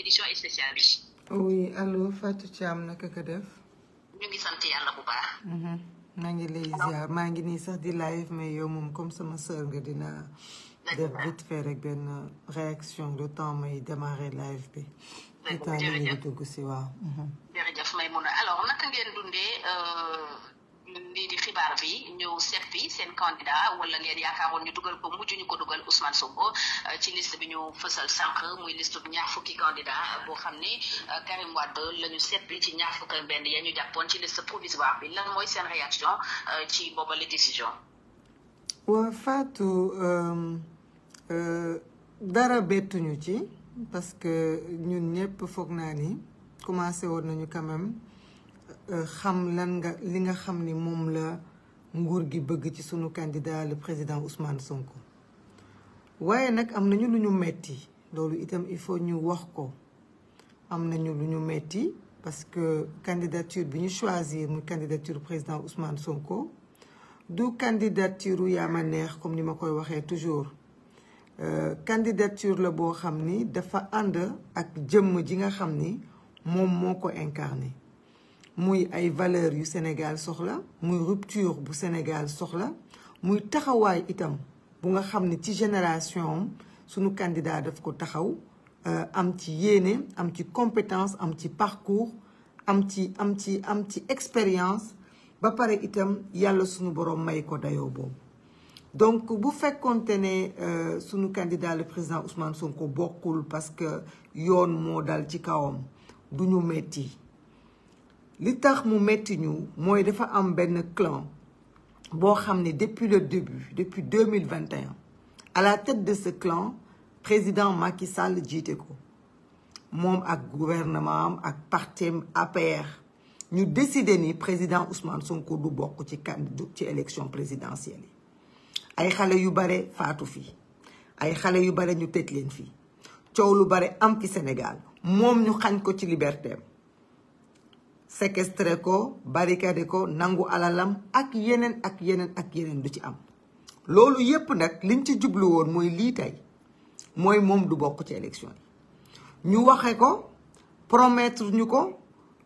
édition spéciale bi. oui allo naka ka def. ngi sant mhm. maa ngi lay ziar maa ngi nii sax di live mais yow moom comme sama sœur nga dina def vite fait rek benn réaction de temps may démarrer live bi. dëgg la dugg si waaw. Mhm. ñëw seet fi seen candidat wala ngeen yaakaaroon ñu dugal ko mujj ñu ko dugal Ousmane Sonko euh, ci liste bi ñu fësal sànq muy liste bu ñaar fukki candidat euh, boo xam ni euh, Karim Wade la seet bi ci ñaar benn ya ñu jàppoon ci liste provisoire bi lan mooy seen réaction ci boobale décision. waa Fatou dara bettuñu ci parce que ñun ñëpp foog naa ni commencé woon nañu quand xam lan nga li nga xam ni moom la. nguur gi bëgg ci suñu candidat le président Ousmane Sonko waaye nag am nañu lu ñu metti loolu itam il faut ñu wax ko am nañu lu ñu metti parce que candidature bi ñu choisir mu candidature président Ousmane Sonko du candidature yaa ma neex comme ni ma koy waxee toujours euh, candidature la boo xam ni dafa ànd ak jëmm ji nga xam ni moom moo ko incarné muy ay valeur yu Sénégal soxla muy rupture bu Sénégal soxla muy taxawaay itam bu nga xam ne ci génération am sunu candidat daf ko taxaw euh, am ci yéene am ci compétence am ci parcours am ci am ci am ci expérience ba pare itam yàlla sunu borom may ko dayoo boobu donc bu fekkonte ne euh, sunu candidat le président sun ko bokkul parce que yoon moo dal ci kawam du ñu metti li tax mu metti ñu mooy dafa am benn clan boo xam ne depuis le début depuis 2021 à la tête de ce clan président Macky Sall jiite ko moom ak gouvernement am ak partem APR ñu déside ni président Ousmane Sonko du bokk ci kan ci élection présidentielle yi ay xale yu bare faatu fii ay xale yu bare ñu tëj leen fii coow lu bare am fi senegal moom ñu xañ ko ci liberté séquestré ko barricadé ko nangu alalam ak yeneen ak yeneen ak yeneen du ci am loolu yépp nag liñ ci jublu woon mooy lii tey mooy moom du bokk ci élection yi ñu waxe ko promettre ñu ko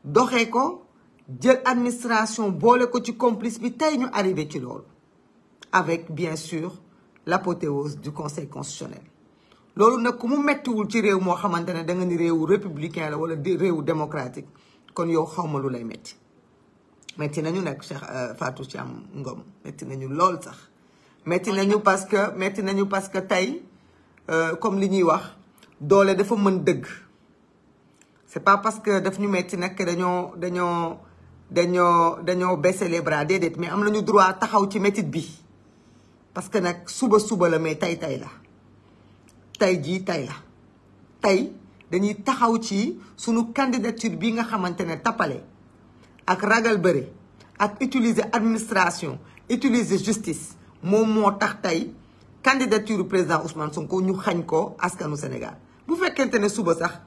doxe ko jël administration boole ko ci complice bi tey ñu arrivé ci loolu avec bien sûr l'apothéose du conseil constitutionnel loolu nag ku mu mettiwul ci réew moo xamante ne da nga ni réewu républicain la wala réewu démocratique kon yow xawma lu lay metti metti nañu nag Cheikh ci euh, am Ngom metti nañu lool sax metti nañu parce que metti nañu parce que tey euh, comme li ñuy wax doole dafa mën dëgg c'est pas parce que daf ñu metti nag dañoo dañoo dañoo dañoo baisser les bras déedéet mais am nañu droit taxaw ci métit bi parce que nag suba suba la mais tey tey la tey jii tey la tey dañuy taxaw ci sunu candidature bi nga xamante ne tappale ak ragal bëri ak utiliser administration utiliser justice moom moo tax tey candidature président Ousmane ko ñu xañ ko askanu Sénégal bu fekkente ne suba sax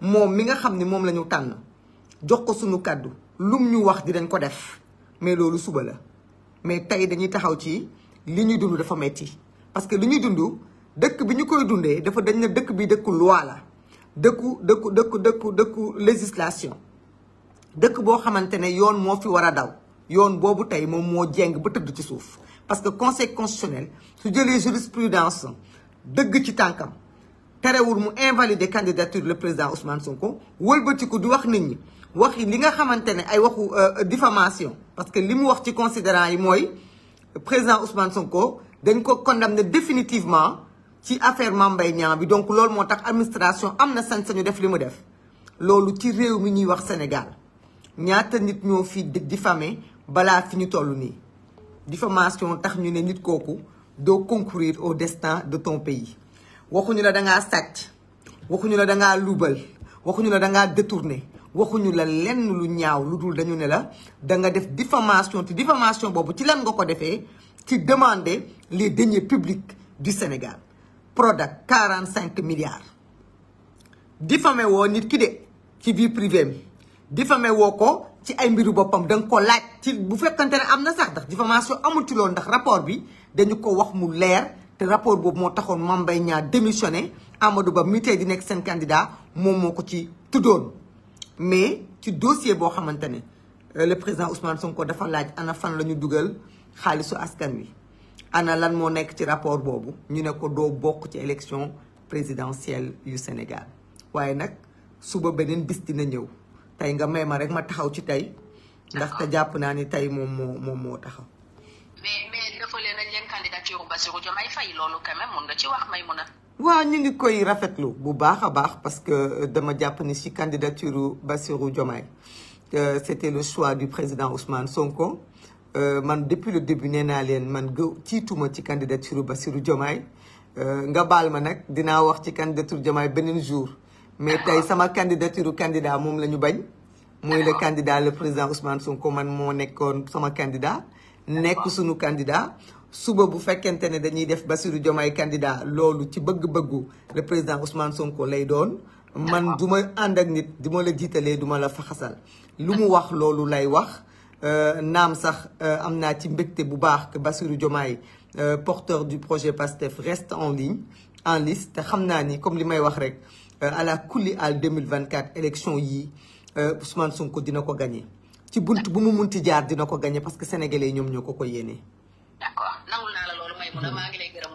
moom mi nga xam ni moom la ñu tànn jox ko sunu kàddu lum ñu wax di dinañ ko def mais loolu suba la mais tey dañuy taxaw ci li ñuy dund dafa metti parce que li ñuy dund dëkk bi ñu koy dundee dafa dañ na dëkk bi dëkku loi la dëkku dëkku dëkku dëkku dëkku législation dëkk boo xamante ne yoon moo fi war a daw yoon boobu tey moom moo jeng ba tëdd ci suuf parce que conseil constitutionnel su jëlee jurisprudence dëgg ci tànkam terewul mu invalider candidature le président Ousmane Sonko wëlbati ko di wax nit ñi waxi li nga xamante ne ay waxu euh, diffamation parce que li mu wax ci considérant yi mooy président Ousmane Sonko dañ ko condamné définitivement ci affaire Mame Mbaye Niang bi donc loolu moo tax administration am na sañ-sañu def li mu def loolu ci réew mi ñuy wax Sénégal ñaata nit ñoo fi diffamé balaa fi ñu toll nii diffamation tax ñu ne nit kooku doo concourir au destin de ton pays waxuñu la dangaa sàcc waxuñu la dangaa luubal waxuñu la dangaa détourné waxuñu la lenn lu ñaaw lu dul dañu ne la danga def diffamation te diffamation boobu ci lan nga ko defee ci demander les deniers publique du Sénégal Prodac quarante cinq milliards diffamé woo nit ki de ci vie privée di diffamé woo ko ci ay mbiru boppam da nga ko laaj ci bu fekkante ne am na sax ndax diffamation amul ci loolu ndax rapport bi dañu ko wax mu leer te rapport boobu moo taxoon Mame ñaar Niang démissionné Amadou Ba mi tey di nekk seen candidat moom moo ko ci tuddoon mais ci dossier boo xamante ne euh, le président Ousmane Sonko dafa laaj ana fan la ñu dugal xaalisu askan wi ana lan moo nekk ci rapport boobu ñu ne ko doo bokk ci élection présidentielle yu Sénégal waaye nag suba beneen bisti na ñëw tey nga may ma rek ma taxaw ci tey ndax te ah. jàpp naa ni tey moom moo moo taxaw mais mais dafa leen nañ leen waaw ñu ngi koy rafetlu bu baax a baax parce que euh, dama jàpp ni ci candidature Bassirou Diomaye euh, c'était le choix du président Ousmane Sonko Euh, man depuis le début nee naa leen man gë ciituma ci candidature Bassirou Diomaye euh, nga baal ma nag dinaa wax ci candidature Diomaye beneen jour mais tey sama candidature candidat moom la ñu bañ mooy le candidat le président Ousmane Sonko man moo nekkoon sama candidat nekk suñu candidat suba bu fekkente ne dañuy def Bassirou Diomaye candidat loolu ci bëgg-bëggu le président Ousmane Sonko lay doon man du ma ànd ak nit du ma la jiitalee duma la faxasal lu mu wax loolu lay wax Euh, naam sax euh, am naa ci mbégte bu baax que Bassirou euh, porteur du projet PASTEF reste en ligne en liste te xam naa ni comme li may wax rek à couli kulli al 2024 élection yii Ousmane Sonko dina ko gagné ci bunt bu mu munti jaar dina ko gagné parce que sénégalais ñoom ñoo ko ko yéene. d'accord nangul naa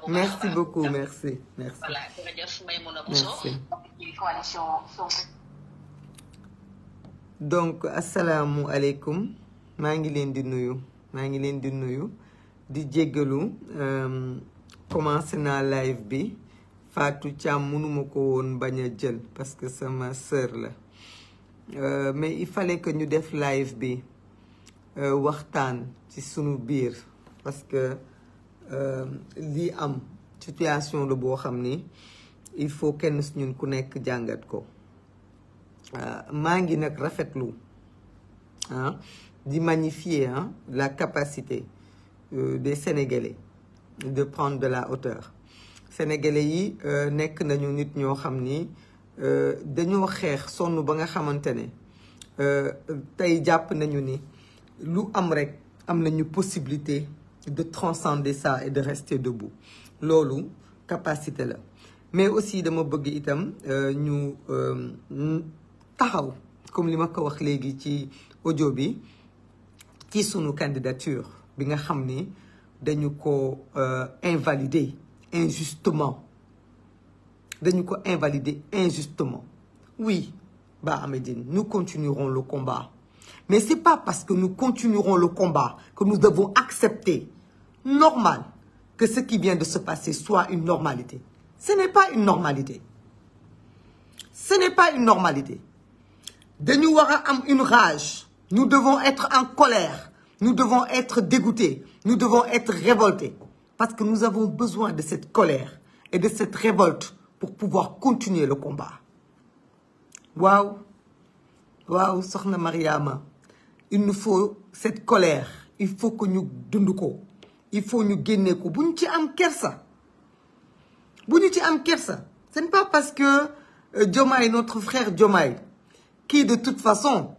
merci beaucoup merci merci. voilà jërëjëf maa ngi leen di nuyu maa ngi leen di nuyu di jéggalu euh, commencé naa live bi faatu Thiam mënuma ko woon bañ a jël parce que sama sœur la euh, mais il fallait que ñu def live bi euh, waxtaan ci suñu biir parce que lii am situation la boo xam ni il faut kenn su ñun ku nekk jàngat ko maa ngi nag rafetlu ah, d'y magnifier hein, la capacité euh, des Sénégalais de prendre de la hauteur Sénégalais yi euh, nekk nañu nit ñoo xam ni euh, dañoo xeex sonn ba nga xamante ne euh, tey jàpp nañu ni lu am rek am nañu possibilité de transcender ça et de rester debout loolu capacité la mais aussi dama bëgg itam ñu taxaw comme li ma ko wax léegi ci audio bi ci sunu candidature bi nga xam ni dañu ko euh, invalider injustement dañu ko invalider injustement oui Bah Ahmedine nous continuerons le combat mais c'est pas parce que nous continuerons le combat que nous devons accepter normal que ce qui vient de se passer soit une normalité ce n'est pas une normalité ce n'est pas une normalité dañu war a am une rage Nous devons être en colère. Nous devons être dégoûtés. Nous devons être révoltés. Parce que nous avons besoin de cette colère et de cette révolte pour pouvoir continuer le combat. Waouh Waouh, Sokhna Mariama. Il nous faut cette colère. Il faut que nous dund ko. Il faut ñu génne ko bu ñu ci am kersa bu ñu ci am kersa ce n'est pas parce que euh, Diomaye notre frère Diomaye qui de toute façon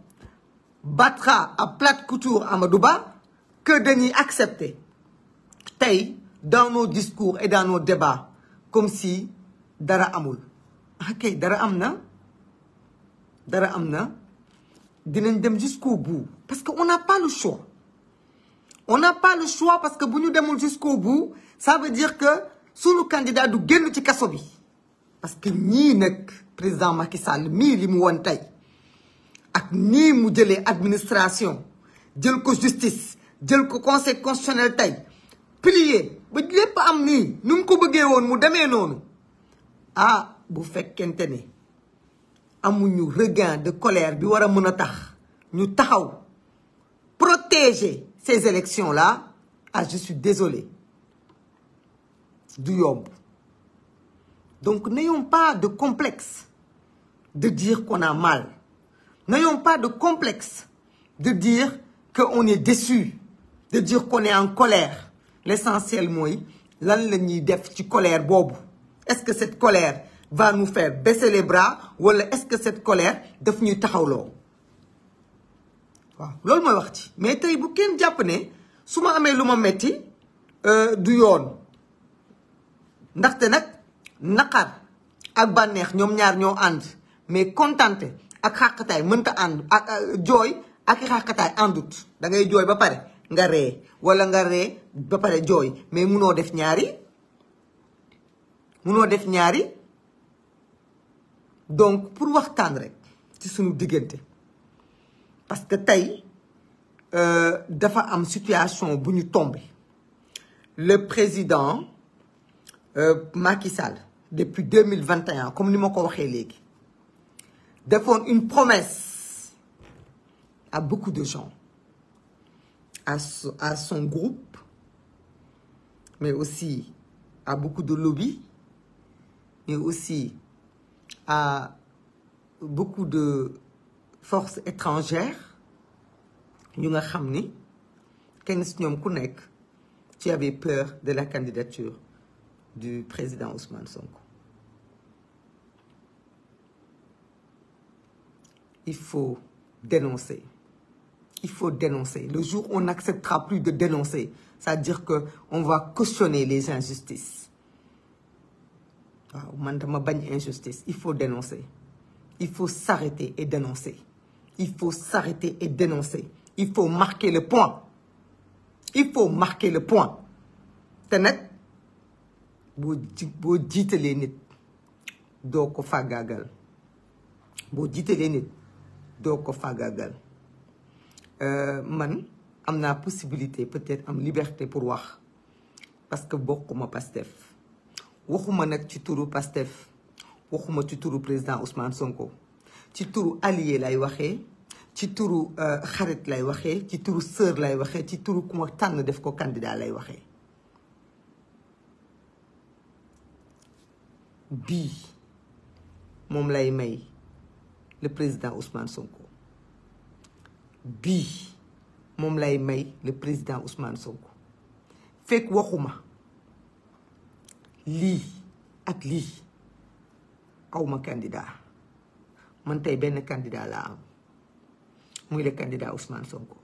battra à plate couture Amadou Ba que dañuy accepter tey dans nos discours et dans nos débats comme si dara amul ok ah, dara am na dara am na dinañ dem jusqu'au bout parce que on n'a pas le choix on n'a pas le choix parce que bu ñu demul jusqu'au bout ça veut dire que suñu candidat du génn ci kaso bi parce que ñii nekk président Macky Sall mii li mu woon tey ak nii mu jëlee administration jël ko justice jël ko conseil constitutionnel tey plié ba lépp am nii nu mu ko bëggee woon mu demee noonu ah bu fekkente ne amuñu regain de colère bi war a mën a tax ñu taxaw protéger ces élections la ah je suis du yomb donc n'ayons pas de complexe de dire qu'on a mal N'ayons pas de complexe de dire qu'on est déçu, de dire qu'on est en colère. L'essentiel, mooy lan la ñuy def ci colère boobu est-ce que cette colère va nous faire baisser les bras wala est-ce que cette colère daf ñuy taxawloo waaw loolu mooy wax ci mais tey bu kenn jàpp ne su ma amee lu ma metti euh, du yoon ndaxte nag naqar ak bànneex ñoom ñaar ñoo ànd mais contenté ak xàqataay mënta ànd ak jooy ak i xàqataay dangay jooy ba pare nga ree wala nga ree ba pare jooy mais munoo def ñaari munoo def ñaari donc pour waxtaan rek ci suñu diggante parce que tey euh, dafa am situation bu ñu tombé le président euh, Macky Sall depuis deux mille vingt et comme ni ma ko waxee léegi. defoon une promesse à beaucoup de gens à à son groupe mais aussi à beaucoup de lobbies mais aussi à beaucoup de forces étrangères ñu nga xam ni kenn si ñoom ku nekk tu avais peur de la candidature du président Ousmane Sonko il faut dénoncer. Il faut dénoncer. Le jour on n'acceptera plus de dénoncer, c'est-à-dire qu'on va cautionner les injustices. waaw man dama bañ injustice il faut dénoncer il faut s'arrêter et dénoncer il faut s'arrêter et dénoncer il faut marquer le point il faut marquer le point te boo ji boo jiitalee nit doo ko fàggaagal boo jiitalee nit doo ko fàggagal euh, man am naa possibilité peut-être am liberté pour wax parce que bokkuma Pastef waxuma nag ci turu Pastef waxuma ci turu président Ousmane Sonko ci turu allié lay waxee ci turu euh, xarit lay waxee ci turu sœur lay waxee ci turu ku tànn def ko candidat lay waxee bii moom lay may le président Ousmane Sonko bii moom lay may le président Ousmane Sonko fekk waxuma lii ak lii awma candidat man tey benn candidat laa am muy le candidat Ousmane Sonko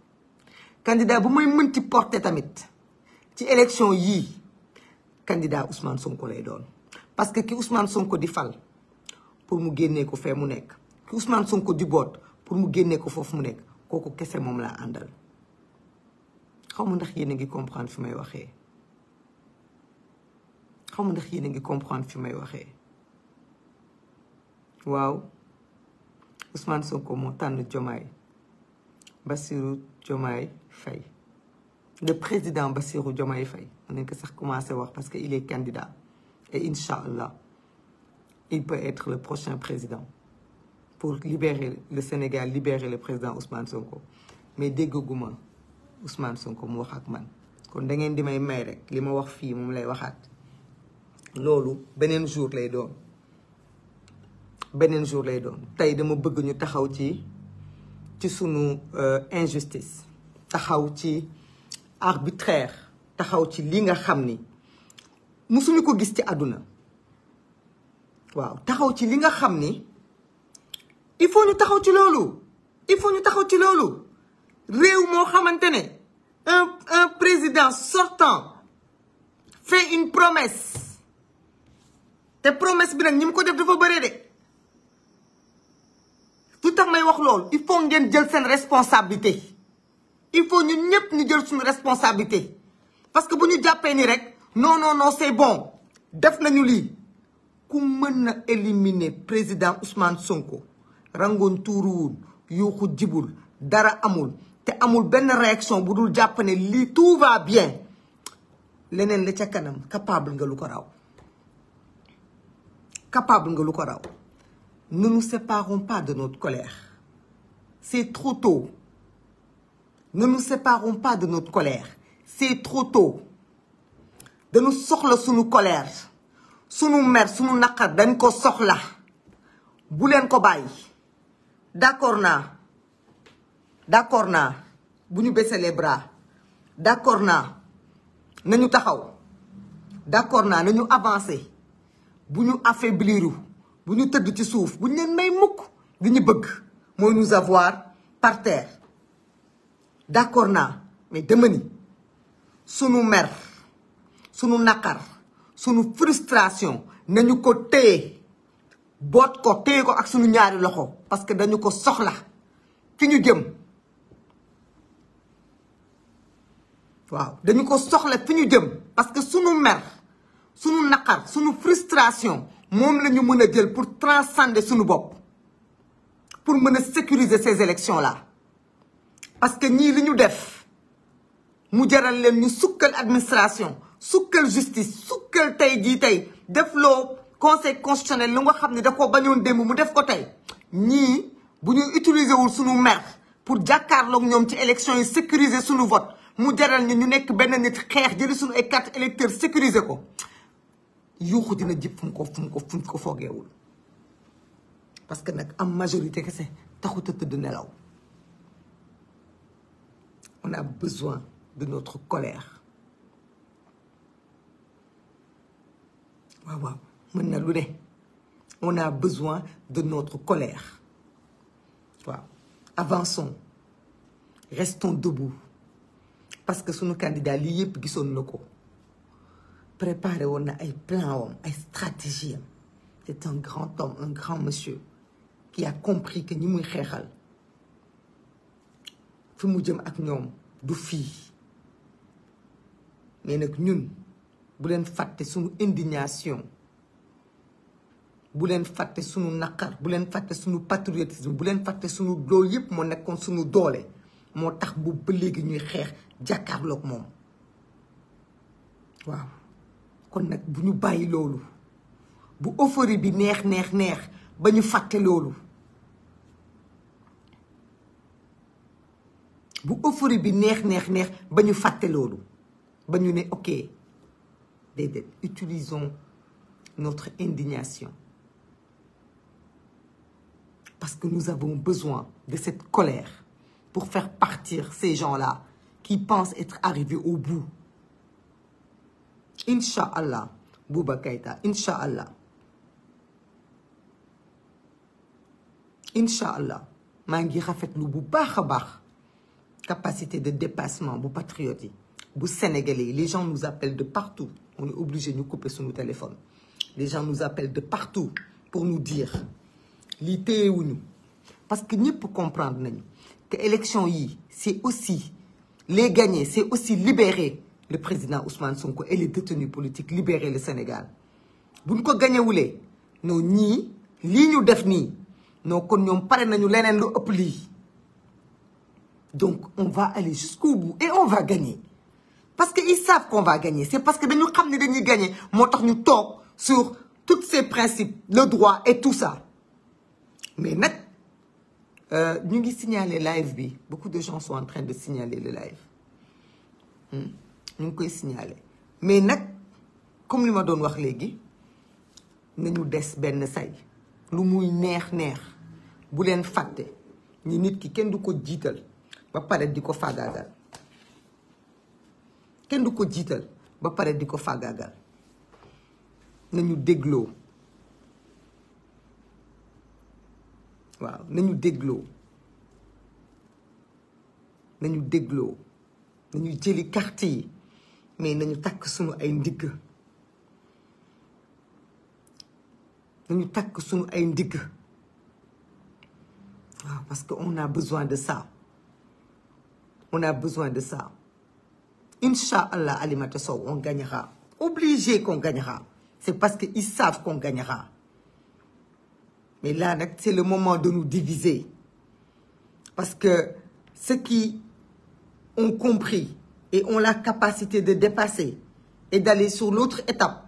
candidat bu may mënti porter tamit ci élection yii candidat Ousmane Sonko lay doon parce que ki Ousmane Sonko di fal pour mu génnee ko fee mu nekk ki Ousmane ko di boot pour mu génnee ko foofu mu nekk kooku kese moom laa àndal xaw ma ndax yéen a ngi comprendre fi may waxee xaw ma ndax yéen a ngi comprendre fi may waxee waaw Ousmane Sonko moo tànn Diomaye Bassirou Diomaye Faye le président Bassirou Diomaye fay mën nañ ko sax commencé wax parce que il est candidat et incha allah il peut être le prochain président pour libérer le Sénégal libérer le président Ousmane Sonko mais déggaguma Ousmane Sonko mu wax ak man kon da ngeen di may may rek li ma wax fii moom lay waxaat loolu beneen jour lay doon beneen jour lay doon tey dama bëgg ñu taxaw ci ci sunu euh, injustice taxaw ci arbitraire taxaw ci li nga xam ni musuñu ko gis ci àdduna waaw taxaw ci li nga xam ni il faut ñu taxaw ci loolu il faut ñu taxaw ci loolu réew moo xamante ne un un président sortant fait une promesse te promesse bi nag ñi mu ko def dafa bëre de lu tax may wax loolu il faut ngeen jël seen responsabilité il faut ñu ñëpp ñu jël suñu responsabilité parce que bu ñu jàppee ni rek non non non c'est bon def nañu lii ku mën na éliminer président Ousmane Sonko rangoon tuuruwul yuuxu jibul dara amul te amul benn réaction bu dul jàpp ne lii tout va bien leneen la ca kanam capable nga lu ko raw capable nga lu ko raw ne nous séparons pas de notre colère c'est trop tôt ne nous séparons pas de notre colère c'est trop tôt dañu soxla sunu colère sunu mer sunu naqar dañ ko soxla bu leen ko bàyyi d'accord naa d'accord naa bu ñu baisser les bras d'accord naa nañu taxaw d'accord naa nañu avancé bu ñu affaibliru bu ñu tëdd ci suuf bu ñu leen may mukk li ñu bëgg mooy nous avoir par terre d'accord naa mais dama ni sunu mer sunu naqar sunu frustration nañu ko téye boot ko téye ko ak suñu ñaari loxo parce que dañu ko soxla fi ñu jëm waaw dañu ko soxla fi ñu jëm parce que suñu mer suñu naqar suñu frustration moom la mën a jël pour transcender suñu bopp pour mën a sécuriser ces élections là parce que ñii li ñu def mu jaral leen ñu sukkal administration sukkal justice sukkal tey jii tey def loo conseil constitutionnel lu nga xam ne da ko bañoon dem mu def ko tey ñii bu ñuy utiliser wul suñu mer pour jàkkaarloog ñoom ci élection yi sécuriser suñu vote mu jaral ñu ñu nekk benn nit xeex jëli suñu ay carte électeur sécuriser ko yuuxu dina jib fu ko fu ko fu ko foogeewul parce que nag am majorité kese taxut a tëdd nelaw on a besoin de notre colère waaw waaw mën na lu ne on a besoin de notre colère waaw avançons restons debout parce que sunu candidat lii yëpp gisoon na ko prépare woon na ay plan wam ay stratégie am c'est un grand homme un grand monsieur qui a compris que ñi muy xeexal fi mu jëm ak ñoom du fii mais nag ñun bu leen fàtte sunu indignation bu leen fàtte sunu naqar bu leen fàtte suñu patriotisme bu leen fàtte suñu loolu yëpp moo nekkoon suñu doole moo tax bu ba léegi ñuy xeex jàkkaarloog moom waaw kon nag bu ñu bàyyi loolu bu euphorie bi neex neex neex ba ñu fàtte loolu bu euphorie bi neex neex neex ba ñu fàtte ba ñu ne ok déedéet utilisons notre indignation Parce que nous avons besoin de cette colère pour faire partir ces gens-là qui pensent être arrivés au bout. Inch'Allah, Bouba Kaïta, Inch'Allah. Inch'Allah, maa ngi rafetlu bu baax a baax capacité de dépassement bu patriote yi bu sénégalais yi les gens nous appellent de partout on est obligé ñu couper suñu téléphone les gens nous appellent de partout pour nous dire lii téyewuñu parce que ñëpp comprendre nañu te élection yi c'est aussi les gagnés c'est aussi libérer le président Ousmane Sonko et les détenus politiques libérer le Sénégal buñ ko gañewulee non ñii lii ñu def nii non kon ñoom pare nañu leneen lu ëpp lii donc on va aller jusqu'au bu et on va gagner parce que ils savent qu'on va gagner c'est parce que dañu xam ne dañuy gagner moo tax ñu toog sur tous ces principes le droit et tout ça mais nag euh, ñu ngi signaler live bi beaucoup de gens sont en train de signaler live hmm. ñu ngi koy signaler mais nag comme li ma doon wax léegi nañu des benn say lu muy neex neex bu leen fàtte ñi nit ki kenn du ko jiital ba pare di ko fàggaagal kenn du ko jiital ba pare di ko fàggaagal nañu dégloo waaw nañu dégloo nañu dégloo nañu jëli carte yi mais nañu takk sunu ay ndigg nañu takk sunu ay ndigg waaw parce que on a besoin de ça on a besoin de ça incha allah Alimata Sow on gagnera obligé qu'on gagnera c'est parce que ils savent qu'on gagnera mais là nag c'est le moment de nous diviser parce que ceux qui ont compris et ont la capacité de dépasser et d'aller sur l'autre étape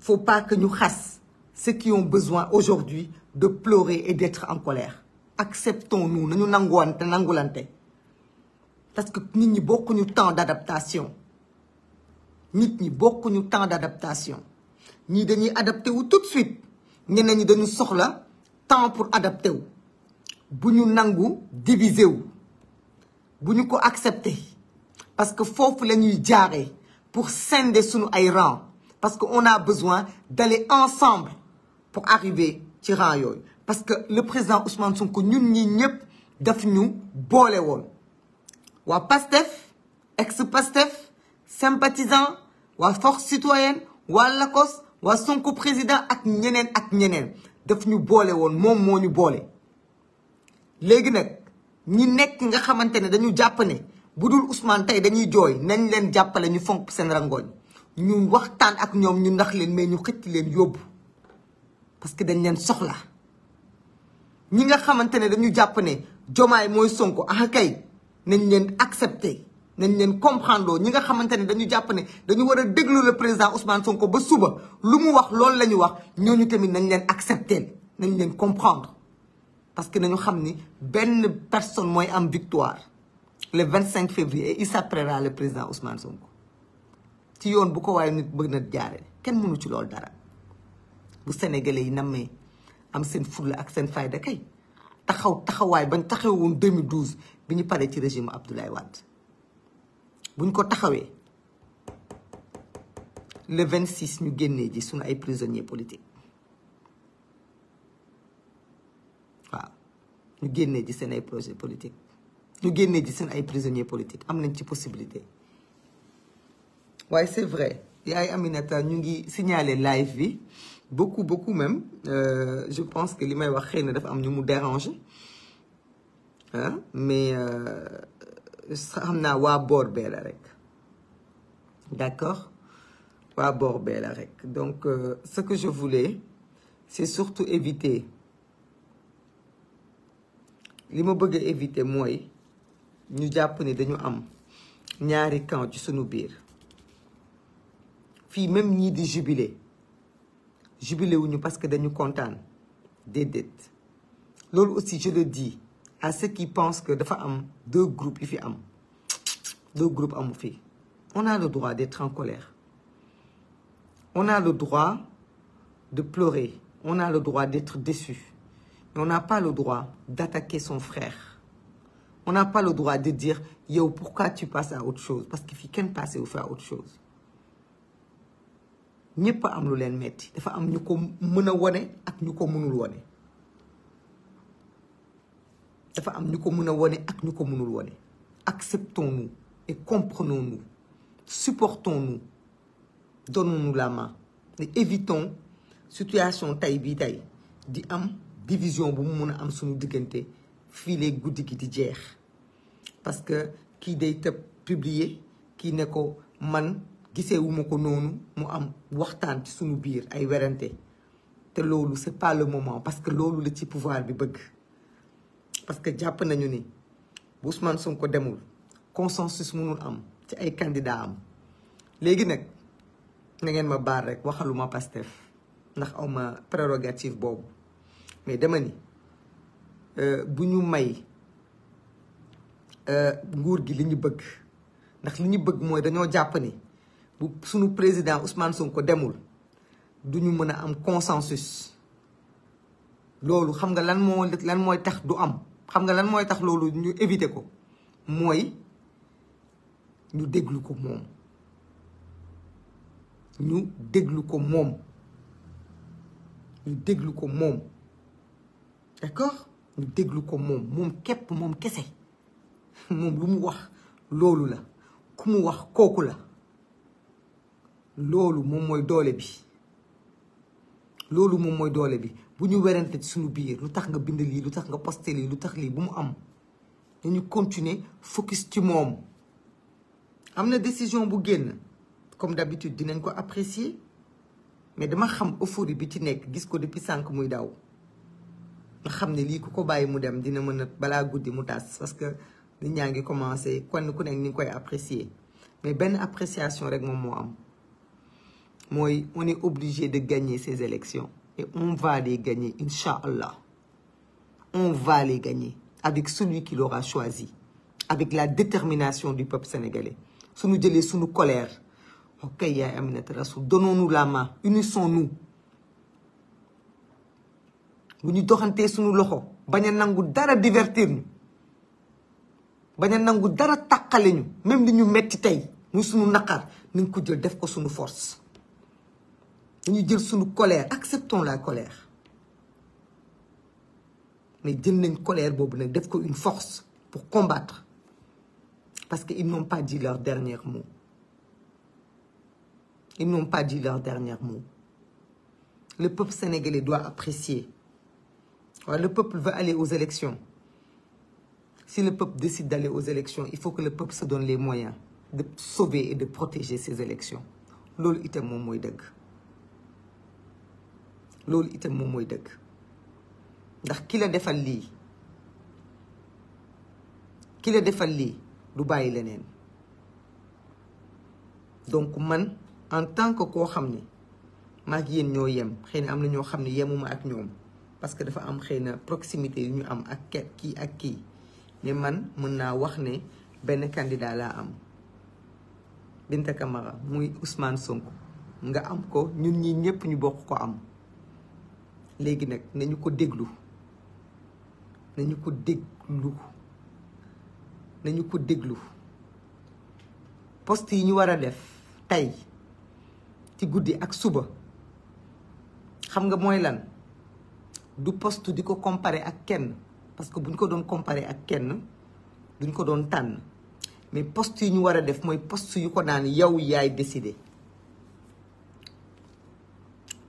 faut pas que ñu xas ceux qui ont besoin aujourd'hui de pleurer et d'être en colère acceptons-nous nañu nanguwante nangulante parce que nit ñi bokkuñu temps d'adaptation nit ñi bokkuñu temps d'adaptation ñii dañuy adapté wu tout de suite ñeneen ñi dañu soxla temps pour adapté wu bu ñu nangu divisé wu bu ñu ko accepté parce que foofu lañuy jaare pour scinder suñu ay rang parce que on a besoin d'aller ensemble pour arriver ci rang yooyu parce que le président Ousmane ko ñun ñi ñëpp daf ñu boole woon waa PASTEF ex PASTEF sympathisant waa force citoyenne waa LACOS waa Sonko président ak ñeneen ak ñeneen daf ñu boole woon moom moo ñu boole léegi nag ñi nekk nga xamante ne dañu jàpp bu dul Ousmane tey dañuy jooy nañ leen jàppale ñu fonk seen rangooñ ñu waxtaan ak ñoom ñu ndax leen mais ñu xëcc leen yóbbu parce que dañ leen soxla ñi nga xamante ne dañu jàpp ne jomaay mooy Sonko ah kay nañ leen accepté nañ leen comprendre ñi nga xamante ne dañu jàpp ne dañu war a déglu le président Ousmane ko ba suba lu mu wax loolu la ñu wax ñooñu tamit nañ leen accepter nañ leen comprendre parce que nañu xam ni benn personne mooy am victoire le 25 février et il s'appellera le président Ousmane Sonko ci yoon bu ko waaye nit bëgg na jaaree kenn mënu ci loolu dara bu sénégalais yi nam nammee am seen fulla ak seen fayda kay taxaw taxawaay bañ taxawoon 2012 bi ñu paree ci régime Abdoulaye Wade buñ ko taxawee le 26 ñu génnee ji suñu ay prisonniers politiques waaw ñu génnee ji seen ay projet politique ñu génnee ji seen ay prisonniers politique am nañ ci possibilité waaye c'est vrai yaay Aminata ñu ngi signaler live bi beaucoup beaucoup même euh, je pense que li may wax xëy na dafa am ñu mu déranger ah mais. Euh, xam naa waa boor bee la rek d'accord waa boor bee rek donc euh, ce que je voulais c'est surtout éviter li ma bëggee a éviter mooy ñu jàpp ni dañu am ñaari camp ci sunu biir fii même ñii di jubilé jubilé wuñu parce que dañu kontaan déedéet loolu aussi je le dis à ceux qui pensent que dafa am deux groupes yu fi am deux groupes amu fi on a le droit d'être en colère on a le droit de pleurer on a le droit d'être déçu mais on n'a pas le droit d'attaquer son frère on n'a pas le droit de dire yow pourquoi tu passes à autre chose parce que fii kenn passé wu fi à autre chose ñëpp a am lu leen metti dafa am ñu ko mën a wone ak ñu ko mënul wone dafa am ñu ko mën a wone ak ñu ko mënul wone acceptons-nous et comprenons-nous supportons-nous donnons-nous la main et évitons situation tey bii tey di am division bu mu mën a am suñu diggante fii lay guddi gi di jeex parce que kii day tëb publier kii ne ko man gisee ko noonu mu am waxtaan ci suñu biir ay werante te loolu c'est pas le moment parce que loolu la ci pouvoir bi bëgg parce que jàpp nañu ni bu Ousmane ko demul consensus mënul am ci ay candidat am léegi nag na ngeen ma baar rek waxaluma Pastef ndax aw ma prérogative boobu mais dama ni euh, bu ñu may euh, nguur gi li ñu bëgg ndax li ñu bëgg mooy dañoo jàpp ni bu sunu président Ousmane ko demul du ñu mën a am consensus loolu xam nga lan moo lan mooy tax du am. xam nga lan mooy tax loolu ñu éviter ko mooy ñu déglu ko moom ñu déglu ko moom ñu déglu ko moom d'accord ñu déglu ko moom moom képp moom kese moom lu mu wax loolu la ku mu wax kooku la loolu moom mooy doole bi loolu moom mooy doole bi bu ñu werante ci suñu biir lu tax nga bind lii lu tax nga posté lii lu tax lii bu mu am ñu continuer focus ci moom am na décision bu génn comme d'habitude dinañ ko apprécier mais dama xam euphorie bi ci nekk gis ko depuis sànq muy daw nga xam ne lii ku ko bàyyi mu dem dina mën a balaa guddi mu tas parce que nit ñaa ngi commencé kon ku nekk ni ngi koy apprécier mais benn appréciation rek moom moo am mooy on est obligé de gagner ces élections Et on va les gagner, Inch'Allah. On va les gagner avec celui qui l'aura choisi, avec la détermination du peuple sénégalais. Sous nous délais, sous nos colères. Ok, donnons-nous la main, unissons-nous. bu ñu doxantee suñu loxo bañ a nangu dara divertir ñu bañ nangu dara tàqale ñu même li ñu metti tey muy sunu naqar nañ ko jël def ko suñu force ñu jël suñu colère acceptons la colère mais jël nañ colère boobu nag def ko une force pour combattre parce que ils n'ont pas dit leur dernier mot ils n'ont pas dit leur dernier mot le peuple sénégalais doit apprécier le peuple veut aller aux élections si le peuple décide d'aller aux élections il faut que le peuple se donne les moyens de sauver et de protéger ces élections loolu itam moom mooy dëgg loolu itam moom mooy dëkk ndax kila defal lii kila defal lii du bàyyi leneen donc man en tant que koo xam ne maak yéen ñoo yem xëy na am na ñoo xam ne yemuma ak ñoom parce que dafa am xëy na proximité yu ñu am ak kii ak kii mais man mën naa wax ne benn candidat laa am Binta Camara muy Ousmane Sonko nga am ko ñun ñii ñëpp ñu bokk ko am léegi nag nañu ko déglu nañu ko déglu nañu ko déglu post yi ñu war a def tey ci guddi ak suba xam nga mooy lan du poste di ko comparer ak kenn parce que bu ñu ko doon comparer ak kenn duñ ko doon tànn mais poste yi ñu war a def mooy poste yu ko naan yow yaay décider.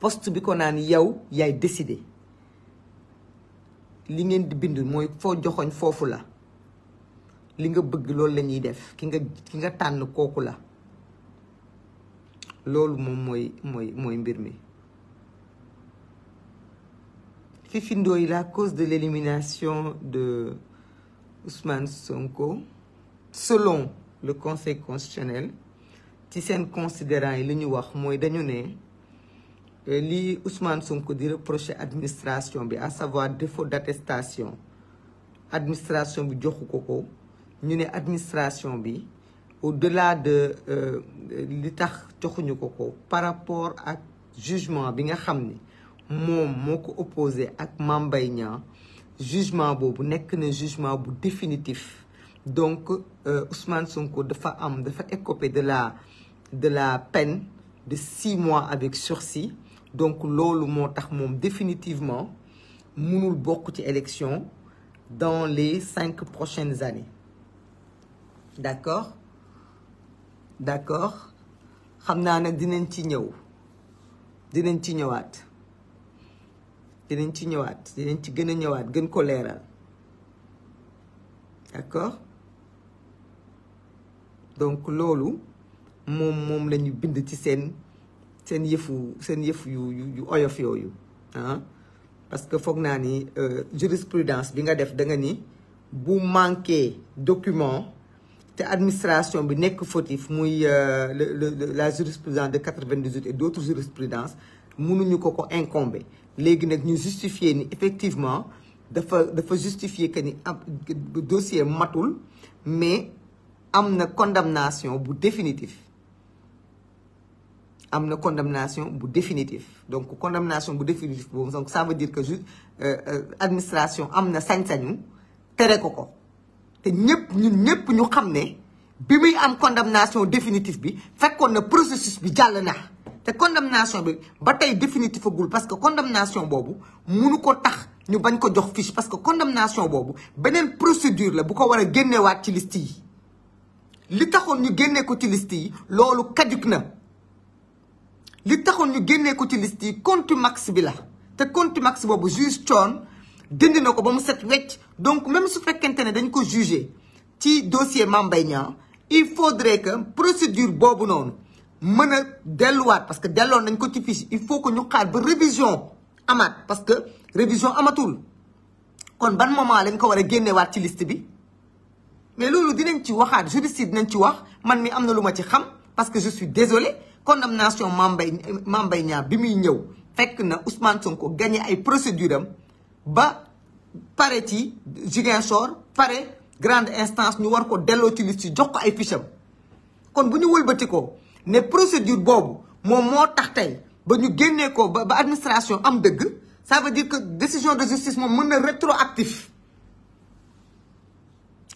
poste bi ko naan yow yaay décider li ngeen di bind mooy foo joxoñ foofu la li nga bëgg loolu la ñuy def ki nga ki nga tànn kooku la loolu moom mooy mooy mbir mi fifindooy Ndoye la cause de l'élimination de Ousmane Sonko selon le conseil constitutionnel ci seen considérant yi li ñu wax mooy dañu ne li Ousmane Sonko di reproché administration bi à savoir défaut d'attestation administration bi joxu ko ko ñu ne administration bi au-delà de euh, li tax joxuñu ko ko par rapport ak jugement bi nga xam ni moom moo ko opposé ak Mame Mbaye jugement boobu nekk ne jugement bu définitif donc euh, Ousmane Sonko dafa am dafa écopé de la de la peine de six mois avec sursis donc loolu moo tax moom définitivement mënul bokk ci élection dans les cinq prochaines années d'accord d'accord xam naa nag dinañ ci ñëw dinañ ci ñëwaat dinañ ci ñëwaat dinañ ci gën a ñëwaat gën ko leeral d'accord donc loolu moom moom lañu bind ci seen seen yëfu seen yëfu yu yu yu oyof yooyu ah parce que foog naa ni euh, jurisprudence bi nga def da nga ni bu manqué document te administration bi nekk fautif muy euh, la jurisprudence de 98 et d' autres jurisprudence mënuñu ko ko incombé léegi nag ñu justifier ni effectivement dafa dafa justifier que ni am dossier matul mais am na condamnation bu définitif am na condamnation bu définitif donc condamnation bu définitif boobu donc ça veut dire que juste euh, euh, administration am na sañ-sañu tere ko ko te ñëpp ñun ñëpp ñu xam ne bi muy am condamnation définitive bi fekkoon na processus bi jàll na te condamnation bi ba tey définitif agul parce que condamnation boobu munu ko tax ñu bañ ko jox fiche parce que condamnation boobu beneen procédure la bu ko war a génneewaat ci liste yi li taxoon ñu génnee ko ci liste yi loolu caduc na li taxoon ñu génnee ko ci liste yi max bi la te contumax boobu juge coon dindi na ko ba mu set wecc donc même su fekkente ne dañ ko jugé ci dossier Mame Mbaye Niang il faudrait que procédure boobu noonu mën a delluwaat parce que delloon nañ ko ci fiche il faut que ñu xaar ba révision amaat parce que révision amatul kon ban moment lañ ko war a génnewaat ci liste bi mais loolu dinañ ci waxaat juriste yi dinañ ci wax man mi am na lu ma ci xam parce que je suis désolé condamnation Mame Mbaye Mame Mbaye bi muy ñëw fekk na Ousmane ko gagné ay procédure am ba pare ci Ziguinchor pare grande instance ñu war ko delloo ci liste jox ko ay fiche kon bu ñu wëlbati ko ne procédure boobu moom moo tax tey ba ñu génnee ko ba ba administration am dëgg ça veut dire que décision de justice moom mën na rétroactif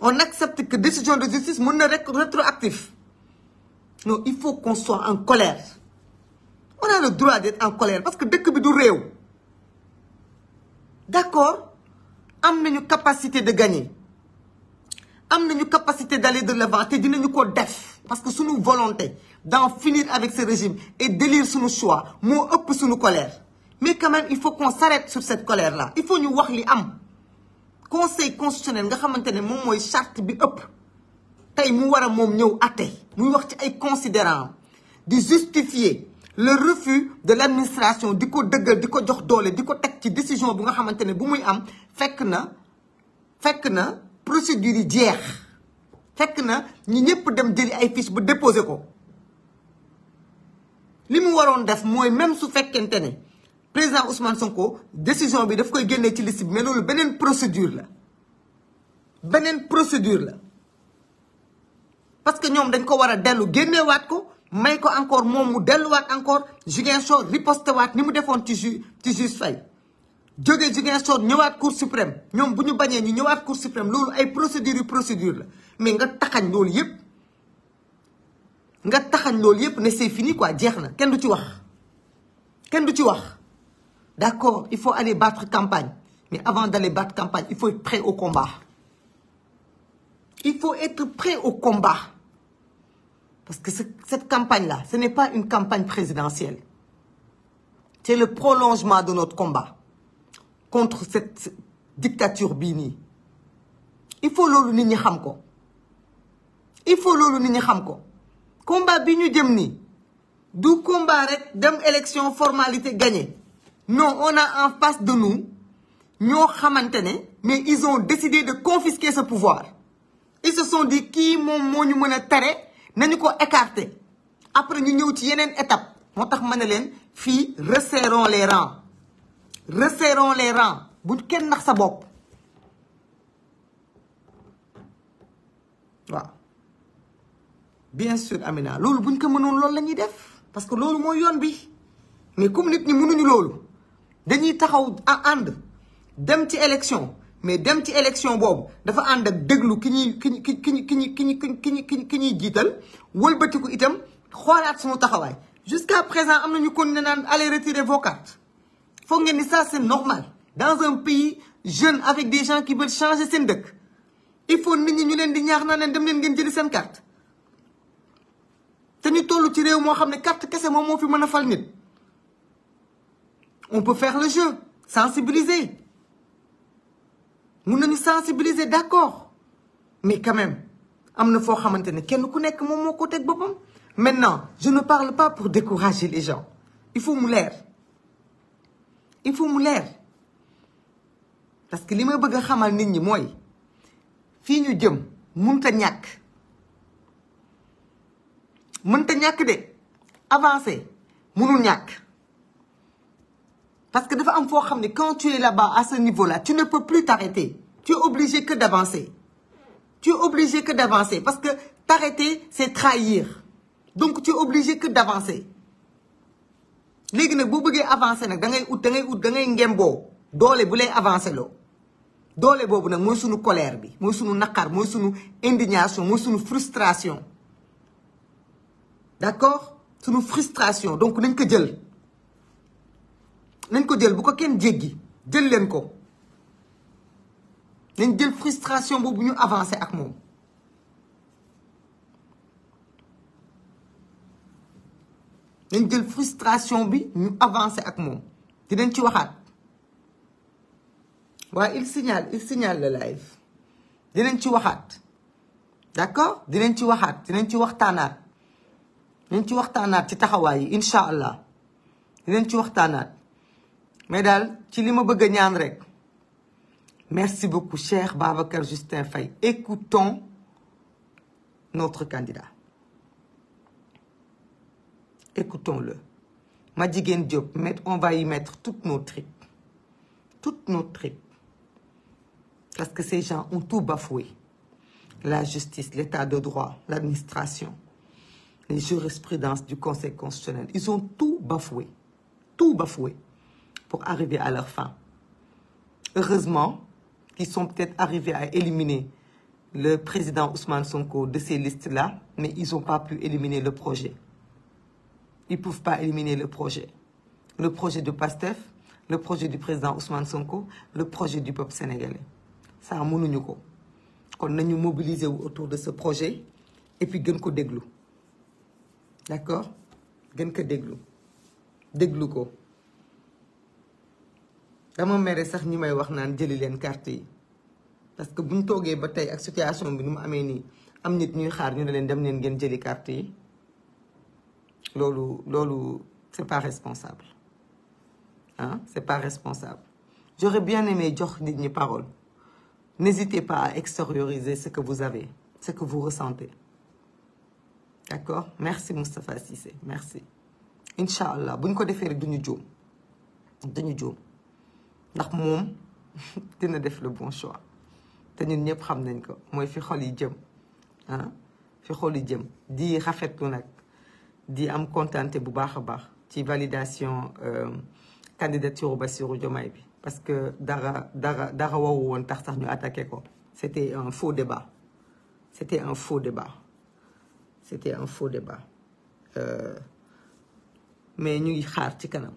on accepte que décision de justice mën na rétroactif non il faut qu'on soit en colère on a le droit d'être en colère parce que dëkk bi du réew d'accord am nañu capacité de gagner am nañu capacité d'aller de l'avant te dinañu ko def parce que suñu volonté d'en finir avec ce régime et d'élire suñu choix moo ëpp suñu colère mais quand même il faut qu'on s'arrête su cette colère là il faut ñu wax li am conseil constitutionnel nga xamante ne moom mooy charte bi ëpp tey mu war a moom ñëw atte muy wax ci ay considérant di justifier le refus de l'administration di ko dëggal di ko jox doole di ko teg ci décision bu nga xamante ne bu muy am fekk na fekk na procédure yi jeex fekk na ñi ñëpp dem jëli ay fiche ba déposé ko li mu waroon def mooy même su fekkente ne président Ousmane Sonko décision bi daf koy génnee ci liste bi mais loolu beneen procédure la beneen procédure la parce que ñoom dañ ko war a dellu génneewaat ko may ko encore moom mu delluwaat encore Ziguinchor riposté waat ni mu defoon ci ju ci juge Faye jógee Ziguinchor ñëwaat cour suprême ñoom bu ñu bañee ñu ñëwaat cour suprême loolu ay procédures yu procédure la mais nga taxañ loolu yépp nga taxañ loolu yépp ne c'est fini quoi jeex na kenn du ci wax kenn du ci wax d'accord il faut aller battre campagne mais avant d'aller battre campagne il faut être au combat il faut être au combat Parce que ce, cette campagne la ce n'est pas une campagne présidentielle. C'est le prolongement de notre combat contre cette dictature bii nii il faut loolu nit ñi xam ko il faut loolu nit ñi xam ko combat bi ñu jëm nii du combat rek dem élection formalité gagnée non on a en face de nous ñoo xamante ne mais ils ont décidé de confisquer ce pouvoir ils se sont dit kii moom moo ñu mën a tere nañu ko écarter après ñu ñëw ci yeneen étape moo tax ma ne leen fii resserrons les rangs resserrons les rangs bu kenn nax sa bopp waaw bien sûr Amina loolu buñ ko mënoon loolu lañuy def parce que loolu mooy yoon bi mais comme nit ñi mënuñu loolu dañuy taxaw ànd dem ci élection mais dem ci élection boobu dafa ànd ak déglu ki ñuy ki ki ñu ki ki ki ki ki ki ñuy jiital wëlbatiku itam xoolaat suñu taxawaay jusqu'à présent am nañu kon ne naan allez retirer vos cartes foog ngeen ni ça c'est normal dans un pays jeune avec des gens qui veulent changer seen dëkk il faut nit ñi ñu leen di ñaax naa leen dem leen ngeen jëli seen carte te ñu toll ci réew moo xam ne carte kese moom moo fi mën a fal nit on peut faire le jeu sensibiliser mun nañu sensibiliser d'accord mais quand même am na foo xamante ne kenn ku nekk moom moo ko teg boppam maintenant je ne parle pas pour décourager les gens il faut mu leer il faut mu leer parce que li ma bëgg a xamal nit ñi mooy fii ñu jëm mënut a ñàkk mënut a ñàkk de avancer mënul ñàkk Parce que dafa am foo xam ne quand tu es là-bas à ce niveau-là tu ne peux plus t'arrêter tu es obligé que d'avancer tu es obligé que d'avancer parce que t'arrêter c'est trahir donc tu es obligé que d'avancer léegi nag boo bëggee avancer nag da ngay ut da ngay ut da ngay ngemboo doole bu lay avancer loo doole boobu nag mooy sunu colère bi mooy sunu naqar mooy sunu indignation mooy sunu frustration d'accord sunu frustration donc nañ ko jël nañ ko jël bu ko kenn jéggi jël leen ko nañ jël frustration boobu ñu avancé ak moom nañ jël frustration bi ñu avancé ak moom dinañ ci waxaat waaye il signale il signale le live dinañ ci waxaat d'accord dinañ ci waxaat dinañ ci waxtaanaat dinañ ci waxtaanaat ci taxawaay yi incha allah dinañ ci waxtaanaat mais daal ci li ma bëgg a ñaan rek merci beaucoup Cheikh Babacar Justin Faye écoutons notre candidat écoutons-le Madjiguène Diop met on va y mettre toutes nos tripes toutes nos tripes parce que ces gens ont tout bafoué la justice l'état de droit l'administration les jurisprudences du Conseil constitutionnel ils ont tout bafoué tout bafoué pour arriver à leur fin. Heureusement qu'ils sont peut-être arrivés à éliminer le président Ousmane Sonko de ces listes-là, mais ils n'ont pas pu éliminer le projet. Ils ne peuvent pas éliminer le projet. Le projet de PASTEF, le projet du président Ousmane Sonko, le projet du peuple sénégalais. Ça, mënuñu ko kon nañu mobiliser wu autour de ce projet et puis gën ko déglu d'accord gën ko déglu déglu ko dama mere sax ñi may wax naan jëli leen carte yi parce que bu buñ toogee ba tey ak situation bi nu mu amee nii am nit ñuy xaar ñu ne leen dem leen ngeen jëli carte yi loolu loolu c'est pas responsable ah c'est pas responsable j'aurais bien aimé jox nit ñi parole n'hésitez pas à extérioriser ce que vous avez ce que vous ressentez d'accord merci Moustapha Cissé merci incha allah buñ ko defee rek duñu juum duñu juum ndax moom dina def le bon choix te ñun ñëpp xam nañ ko mooy fi xol yi jëm ah fi xol yi jëm di rafetlu nag di am contenté bu baax a baax ci validation ba euh, Bassirou Diomaye bi parce que dara dara dara waru woon tax sax ñu attaqué ko c'était un faux débat c'était un faux débat c'était un faux débat euh, mais ñuy xaar ci kanam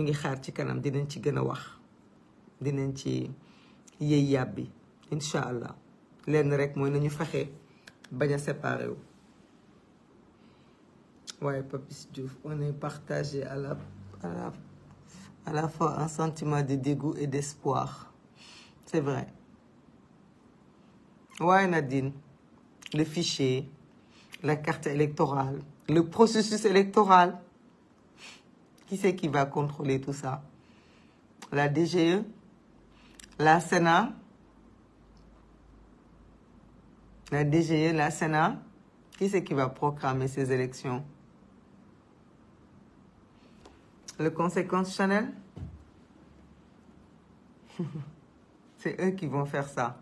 ñu ngi xaar ci kanam dinañ ci gën a wax dinañ ci yëy yàbbi incha allah lenn rek mooy fexe bañ a séparé wu waaye Papis Diouf on partagé à la sentiment de dégoût et d'espoir c'est vrai waaye Nadine le fichier la carte électorale le processus électoral Qui c'est qui va contrôler tout ça La DGE La Sénat La DGE, la Sénat ki c'est qui va programmer ces élections Le Conseil constitutionnel C'est eux qui vont faire ça.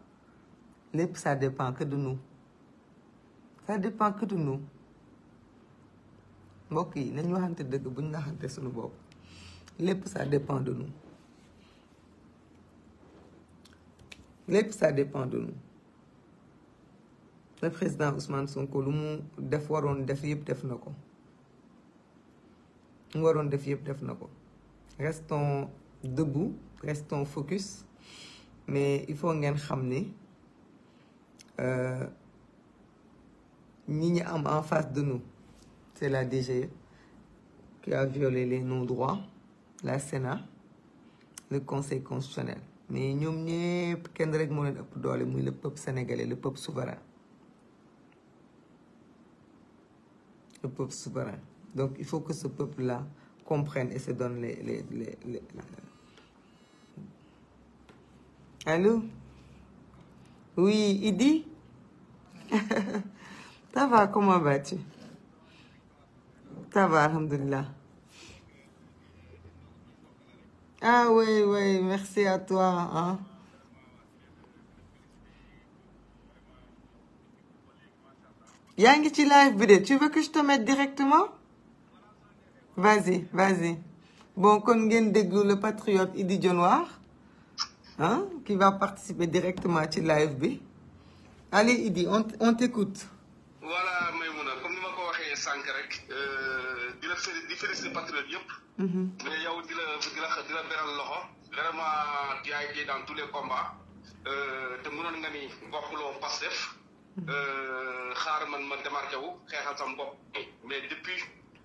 Lépp, ça dépend que de nous. Ça dépend que de nous. mbokk yi nañ waxante dëgg buñ naxante suñu bopp lépp ça dépend de nous lépp ça dépend de nous le président Ousmane Sonko lu mu def waroon def yëpp def na ko mu waroon def yëpp def na ko restons debout restons focus mais il faut ngeen xam ni euh, ñi ñu am en face de nous c'est la DG qui a violé les non-droits la Sénat le conseil constitutionnel mais ñoom ñëpp kenn rek moo leen ëpp doole muy le peuple sénégalais le peuple souverain le peuple souverain donc il faut que ce peuple là comprenne et se donne les les les Idi ça va comment vas-tu va, Alhamdulillah. Ah oui, oui, merci à toi. Hein? yaa ngi ci live bi de tu veux que je te mette directement vas-y bon kon ngeen déglu le patriote Idy Dionewar ah qui va participer directement ci live bi allez Idy on on t'écoute. voilà. sànq rek euh, di la féli di félicité patriote yëpp. Mm-hmm. mais yow di la di la di beral loxo vraiment yaay ngi dans tous les combats euh, te mënoon nga ni bokkuloo Pastef. Mm-hmm. Euh, xaar man ma démarqué wu xeexal sama bopp mais depuis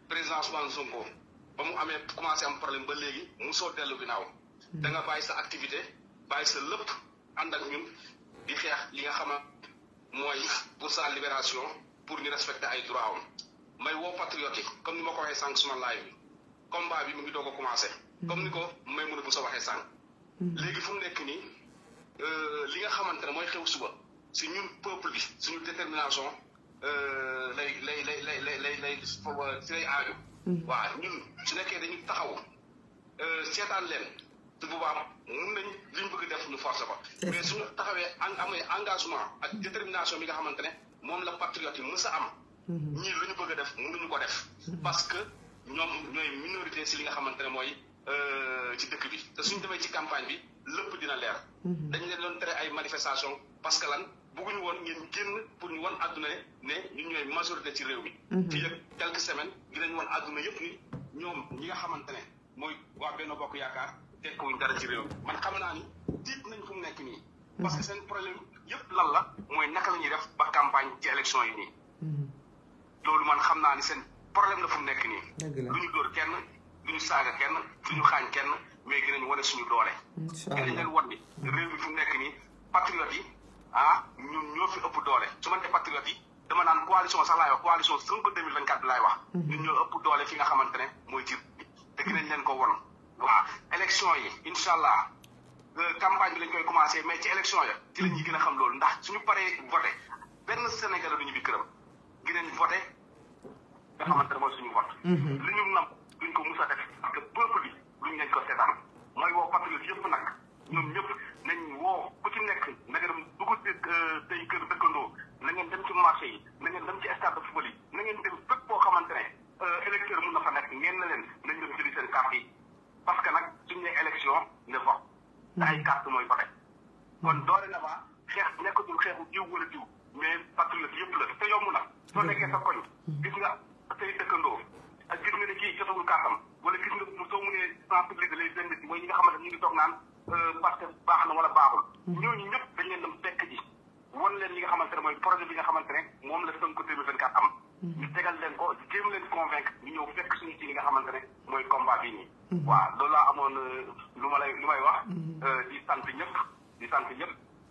président Ousmane Sonko ba mu amee commencé am problème ba léegi mosoo dellu ginnaaw. Mm-hmm. da nga bàyyi sa activité bàyyi sa lépp ànd ak ñun di xeex li nga xama mooy pour sa libération pour ñu respecter ay droit am may woo patriote comme ni ma ko waxee sànq suma live bi combat bi mu ngi doog a commencé. comme ni ko may mën a bu sa waxee sànq. Mm-hmm. léegi fu nekk nii euh, li nga xamante ne mooy xew suba si ñun peuple bi suñu détermination euh, lay lay lay lay lay lay lay si lay aaju. Mm-hmm. waaw ñun su nekkee dañu taxaw euh, seetaan leen te bu baax mun nañ liñ bëgg def ñu force ba. mais suñu amee engagement ak détermination bi nga xamante ne moom la patriote yi mës a am. Mm-hmm. ñii lu ñu def a def ñu ko def. Mm-hmm. parce que ñoom ñooy minorité si li nga xamante ne mooy euh, ci dëkk bi te suñ demee ci campagne bi lépp dina leer. Mm-hmm. dañ leen doon tere ay manifestation parce que lan bëgguñu woon ngeen génn pour ñu wan àdduna ne ñu ñooy majorité ci réew mi. fii ak quelques semaines dinañ wan àdduna yëpp ni ñoom ñi nga xamante ne mooy waa benn bokk yaakaar tekkuñ dara ci réew man xam naa ni tiit nañ fu mu nekk nii. parce que seen problème yëpp lan la mooy naka la ñuy def ba campagne ci yi loolu man xam naa ni seen problème la fu mu nekk nii. dëgg la du ñu dóor kenn du ñu saaga kenn du ñu xaañ kenn mais dinañ wane suñu doole. incha allah dinañ leen wan ni réew mi fu nekk nii patriote yi ah ñun ñoo ëpp doole su ma nee patriote dama naan coalition sax laay wax coalition Sonko 2024 bi laay wax. Mhm. ñun ñoo ëpp doole fi nga xamante ne mooy jiw bi leen ko won waaw élection yi incha allah euh, campagne bi lañ koy commencé mais ci élection ya ci la ñuy gën a xam loolu ndax suñu paree voté benn Sénégalais ñu bi këram. dinañ voté nga xamante ne mooy suñu vote. Mhm. li ñu nam duñ ko mus a def parce que peuple bi luñ leen ko seetaan mooy woo patriote yëpp nag ñoom ñëpp nañ woo ku ci nekk na nga dugub dugg euh, tey kër dëkkandoo na ngeen dem ci marché yi na ngeen dem ci stade a football yi na ngeen dem fépp boo xamante ne euh, électeur mun na fa nekk ngeen na leen nañ dem jëli seen carte parce que nag suñ ne élection ne vote. te mhm. ay carte mooy vote kon mhm. doole na ba xeex nekkatul xeexu jiw wala jiw. mais patriote yëpp la te yomb na soo nekkee sa koñ gis nga te dëkkandoo ak gis nga ne kii jotagul kàttam wala gis nga soo mënee sans publique lay benn mooy ñi nga xamante ñu ngi toog naan euh, parce baax na wala baaxul hmm. ñooñu ñëpp dañ leen dem fekk ji wan leen li nga xamante ne mooy projet bi nga xamante ne moom la Sonko 2024 am hmm. ñu tegal leen ko jéem leen convaincre ñu ñëw fekk suñu ci li nga xamante ne mooy combat bi nii hmm. waaw loolu laa amoon euh, lu ma lay lu may wax euh, di sant ñëpp di sant ñëpp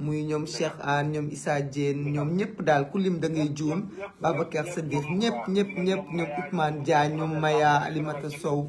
muy ñoom Cheikh Anne ñoom Issa Diène ñoom ñëpp daal ku lim da ngay juum Babacar Sadikh ñëpp ñëpp ñëpp ñoom Ousmane Diagne ñoom Maya Alimata Sow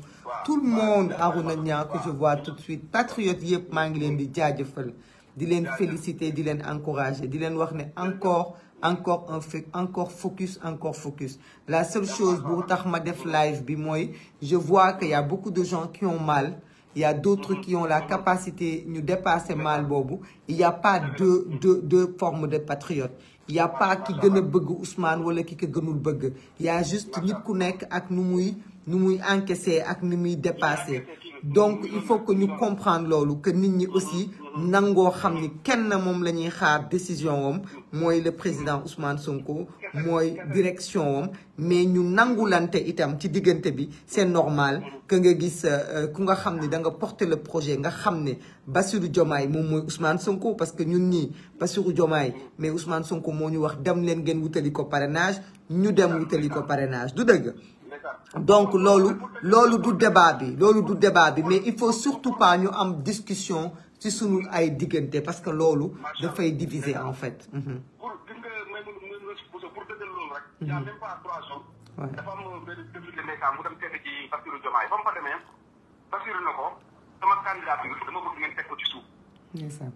tout le monde Arouna Niang que je vois tout de suite patriote yëpp maa ngi leen di jaajëfal di leen féliciter di leen encourager di leen wax ne encore encore un fait encore focus encore focus la seule chose bu tax ma def live bi mooy je vois que y beaucoup de gens qui ont mal il y a d'autres qui ont la capacité ñu dépasser mal boobu il y a pas deux deux deux formes de patriotes il y pas ki gën a bëgg Ousmane wala ki ko gënul bëgg il y a juste nit ku nekk ak nu muy nu muy encaisser ak nu muy dépasser donc il faut que ñu comprendre loolu que nit ñi aussi nangoo xam ni kenn moom la ñuy xaar décision wam mooy le président Ousmane Sonko mooy direction wam mais ñu nangulante itam ci diggante bi c'est normal que nga gis euh, ku nga xam ne da nga porter le projet nga xam ne Bassirou Diomaye moom mooy Ousmane Sonko parce que ñun ñii Bassirou Diomaye mais Ousmane sunku moo ñu wax dem leen ngeen wutali ko parrainage ñu dem wutali ko parrainage du dëgg donc loolu loolu du débat bi loolu du débat bi mais il faut surtout pas ñu am discussion ci sunu ay diggante parce que loolu dafay diviser en fait. Mhm. il y a mhm. même pas trois jours. dafa am benn mu dem seeti ci Bassirou Diomaye ba mu fa demee Bassirou na ko sama candidature dama bëgg ngeen teg ko ci suuf. ndeysaan.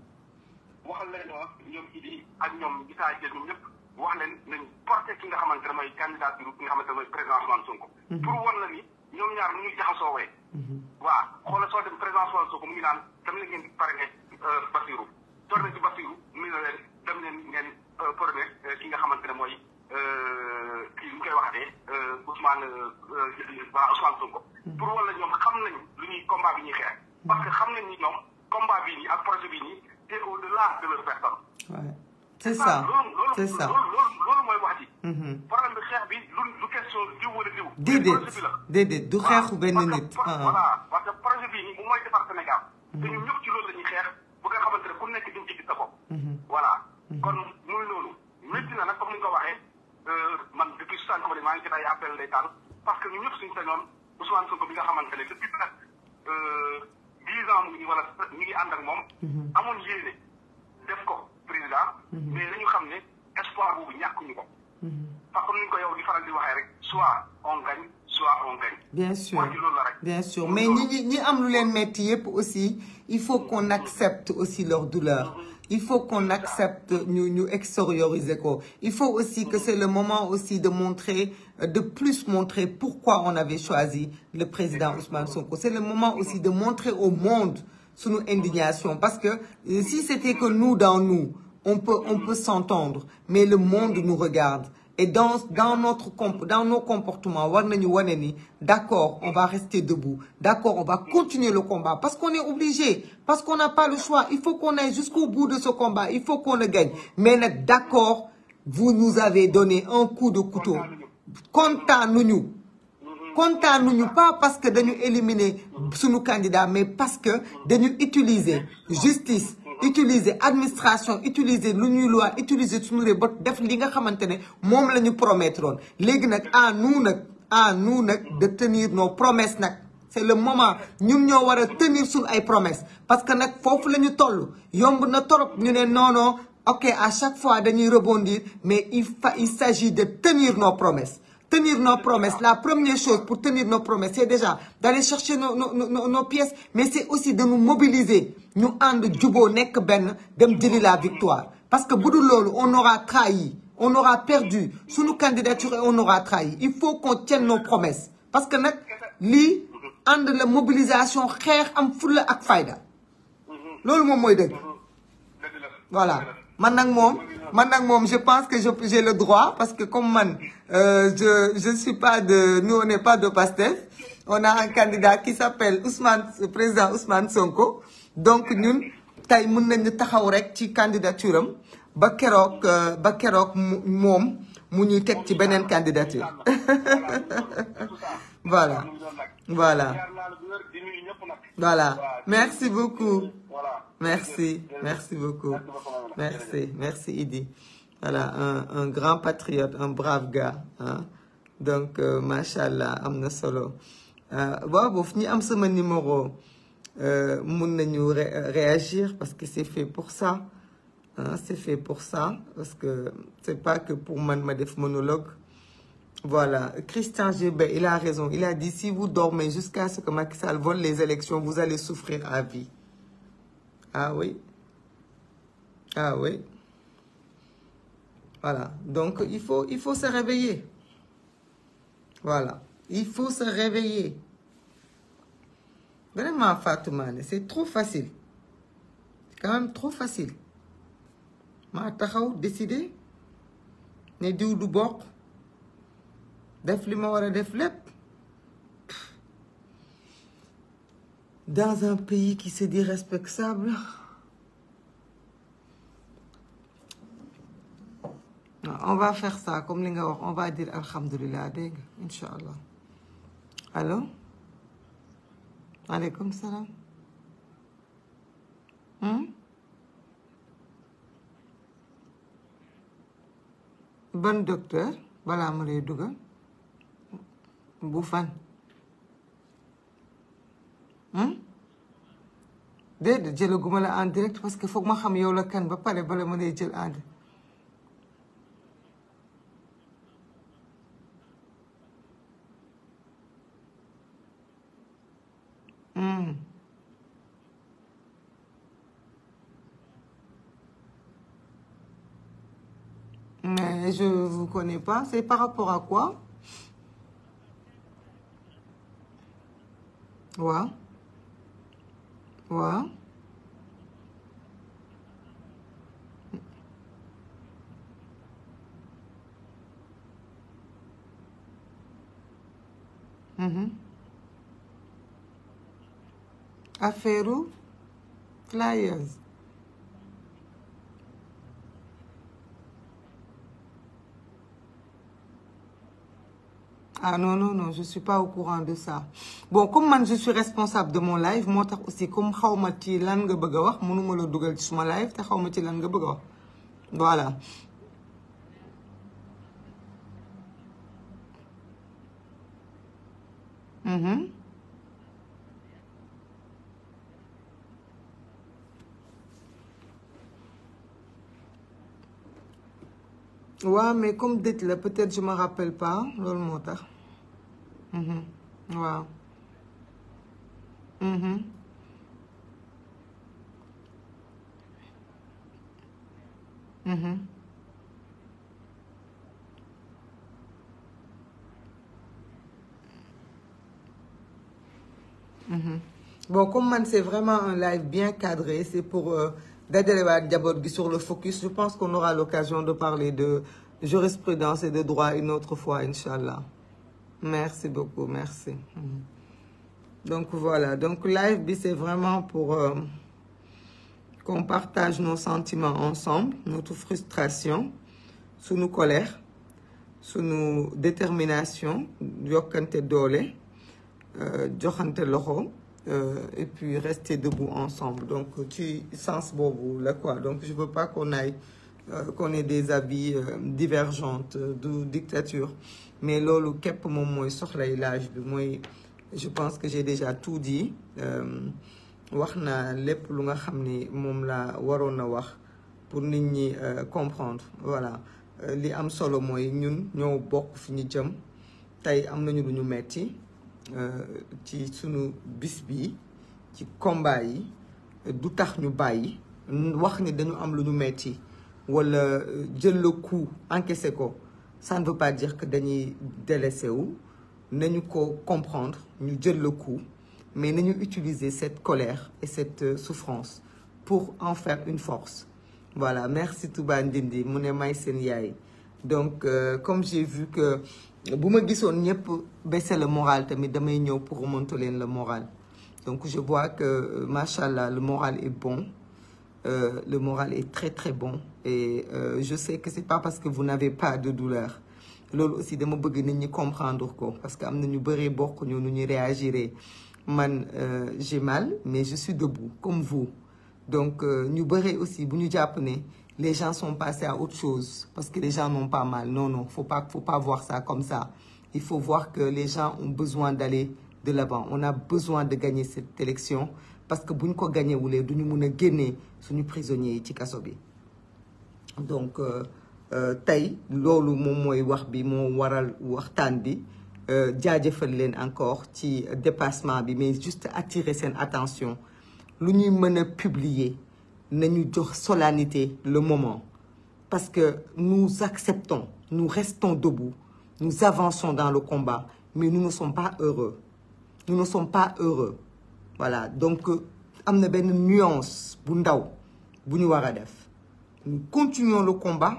waxal leen wax ñoom Idi ñoom Gisaa Dieng ñëpp wax leen nañ porté ki nga xamante ne mooy candidature ki nga xamante ne mooy président Ousmane Sonko. Mhm. pour wan la ni ñoom ñaar nu ñu jaxasoo wee. Mhm. waaw xoolal soo dem président Ousmane Sonko mu ngi naan dem leen ngeen pare euh, Bassirou. door na ci Bassirou mu ne leen dem leen ngeen euh, pare euh, ki nga xamante ne mooy. Euh, kii ñu koy waxatee euh, Ousmane euh, waa Ousmane Sonko. Hmm. pour wala ñoom xam nañu lu ñuy combat bi ñuy xeex. Hmm. parce que xam nañ ni ñoom combat bii nii ak bi bii nii c'est au-delà de la personne. c'est ça c'est ça loolu loolu mooy wax ji. Mm-hmm. problème bi xeex bi lu du question diw wala diw. déedéet déedéet du xeexu benn nit. Ah. voilà parce que projet bii nii bu mooy defar Sénégal. Mm-hmm. te ñun ñëpp ci loolu la xeex bu nga xamante ne ku nekk di nga sa bopp. Mm-hmm. voilà kon muy loolu métti na nag comme ni nga ko waxee. Euh, man depuis sànq ba ne maa ngi ci ay appel day taal parce que ñun ñëpp suñu sañoon Ousmane Sonko bi nga xamante ne depuis presque euh, dix ans mu ngi wala ñu ngi ànd ak moom. Mhm. amoon yéene def ko président. Mhm. mais ñu xam ne espoir boobu ñu ko. Mhm. parce que ni ñu ko yow di faral di waxee rek soit on gagne soit on gagne. bien sûr bien sûr mais ñi ñi am lu leen metti yépp aussi il faut qu'on accepte aussi leur douleur. il faut qu'on accepte ñu ñu extérioriser ko il faut aussi que c'est le moment aussi de montrer euh, de plus montrer pourquoi on avait choisi le président Ousmane Sonko c'est le moment aussi de montrer au monde sunu indignation parce que euh, si c'était que nous dans nous on peut on peut s'entendre mais le monde nous regarde Et dans, dans, notre, dans nos comportements, d'accord, on va rester debout. D'accord, on va continuer le combat. Parce qu'on est obligé. Parce qu'on n'a pas le choix. Il faut qu'on aille jusqu'au bout de ce combat. Il faut qu'on le gagne. Mais d'accord, vous nous avez donné un coup de couteau. Comptez-nous. Comptez-nous. Pas parce que de nous éliminer sous nos candidats, mais parce que de nous utiliser justice, utiliser administration utiliser lu ñuy loi utiliser suñu réew ba def li nga xamante ne moom la ñu promettre oon léegi nag à nous nag à nous nag de tenir nos promesses nag c'est le moment ñun ñoo war a tenir suñu ay promesses parce que nag foofu la ñu toll yomb na torop ñu ne non non ok à chaque fois dañuy rebondir mais il fa il de tenir nos promesses tenir nos promesses. La première chose pour tenir nos promesses, c'est déjà d'aller chercher nos, nos, nos, mais c'est aussi de nous mobiliser. Nous and nekk benn dem de la victoire. Parce que Boudoulol, on aura trahi, on aura perdu. Sous nos candidatures, on aura trahi. Il faut qu'on tienne nos promesses. Parce que nak, li, and la mobilisation, khair am foule ak faida. Lolo momoy Voilà. man nag moom man nag moom je pense que j'ai le droit parce que comme man euh, je je suis pas de nous on n'est pas de Pastef on a un candidat qui s'appelle Ousmane euh, président Ousmane Sonko donc ñun tey mën nañu taxaw rek ci candidature am ba keroog euh, ba keroog moom mu ñuy teg ci beneen candidature voilà voilà voilà merci beaucoup merci merci beaucoup merci merci Idi voilà un un grand patriote un brave gars donc euh, macha allah am na solo euh, waaw boofu ñi am sama numéro euh, mun nañu réagir parce que c'est fait pour ça hein c'est fait pour ça parce que c'est pas que pour man ma def monologue Voilà, Christian Gébet, il a raison. Il a dit, si vous dormez jusqu'à ce que Macky vole les élections, vous allez souffrir à vie. Ah oui. Ah oui. Voilà, donc il faut, il faut se réveiller. Voilà, il faut se réveiller. Vraiment, Fatoumane, c'est trop facile. C'est trop facile. maa taxaw décider ne diw du bokk def li ma war a def lépp dans un pays qui se dit on va faire ça comme li nga wax on va dire alhamdulilah dégg nga incha allah allo maaleykum salaam hmm? ban docteur balaa ma Boufane hmm? déedéet jëlaguma la en direct parce que foog ma xam yow la kan ba pare hmm. je vous connais pas c'est par rapport à quoi waaw waaw mm-hmm. affaire flyers ah non non non je suis pas au courant de ça bon comme man je suis responsable de mon live moo tax aussi comme xaw ma ci lan nga bëgg a wax mënuma la dugal ci suma live te xaw ma ci lan nga bëgg a mm-hmm. mais comme dëj la je me rappelle pas loolu moo Mm-hmm. waaw mm-hmm. mm-hmm. bon comme man c'est vraiment un live bien cadré c'est pour euh, dajale waat njaboot gi sur le focus je pense qu'on aura l'occasion de parler de jurisprudence et de droit une autre fois incha Merci beaucoup, merci. Mhm. Donc voilà, donc live bi c'est vraiment pour euh, qu'on partage nos sentiments ensemble, notre frustration, sunu colère, sunu détermination, yokkante doole, euh, joxante loxo euh, et puis rester debout ensemble. Donc ci sens boobu la quoi. Donc je veux pas qu'on aille Euh, qu'on ait des avis euh, divergentes euh, du dictature mais loolu képp moom mooy soxlay laaj bi mooy je pense que j'ai déjà tout dit wax naa lépp lu nga xam ni moom laa waroon na wax pour nit ñi comprendre voilà li am solo mooy ñun ñoo bokk fi ñu jëm tey am nañu lu ñu metti ci sunu bis bi ci combat yi du tax ñu bàyyi wax ni dañu am lu ñu metti wala euh, jël le coup encaissé ko ça ne veut pas dire que dañuy délaissé wu nañu ko comprendre ñu jël le coup mais nañu utiliser cette colère et cette euh, souffrance pour en fair une force voilà merci Touba Ndindi mu ne may seen yaay donc euh, comme j'ai vu que bu ma gisoon ñëpp baisser le moral tamit damay ñëw pour remonter leen le moral donc je vois que euh, machallah le moral est bon euh, le moral est très très bon et euh, je sais que c'est pas parce que vous n'avez pas de douleur loolu aussi dama bëgg nit ñi comprendre ko parce que am na ñu bëree bokk ñoo nu ñuy réagiré man euh, j'ai mal mais je suis debout comme vous donc euh, ñu bëree aussi bu ñu jàpp ne les gens sont passés à autre chose parce que les gens n'ont pas mal non non faut pas faut pas voir ça comme ça il faut voir que les gens ont besoin d'aller de l'avant on a besoin de gagner cette élection parce que bu ñu ko gañewulee du ñu mun a génnee suñu prisonniers yi ci kaso bi donc euh, euh, tey loolu moom mooy wax bi moo waral waxtaan bi euh, jaajëfal leen encore ci dépassement bi mais juste attirer seen attention lu ñuy mën a publier nañu jox solennité le moment parce que nous acceptons nous restons debout nous avançons dans le combat mais nous ne sommes pas heureux nous ne sommes pas heureux voilà donc euh, am na benn nuance bu ndaw bu ñu war a def nous continuons le combat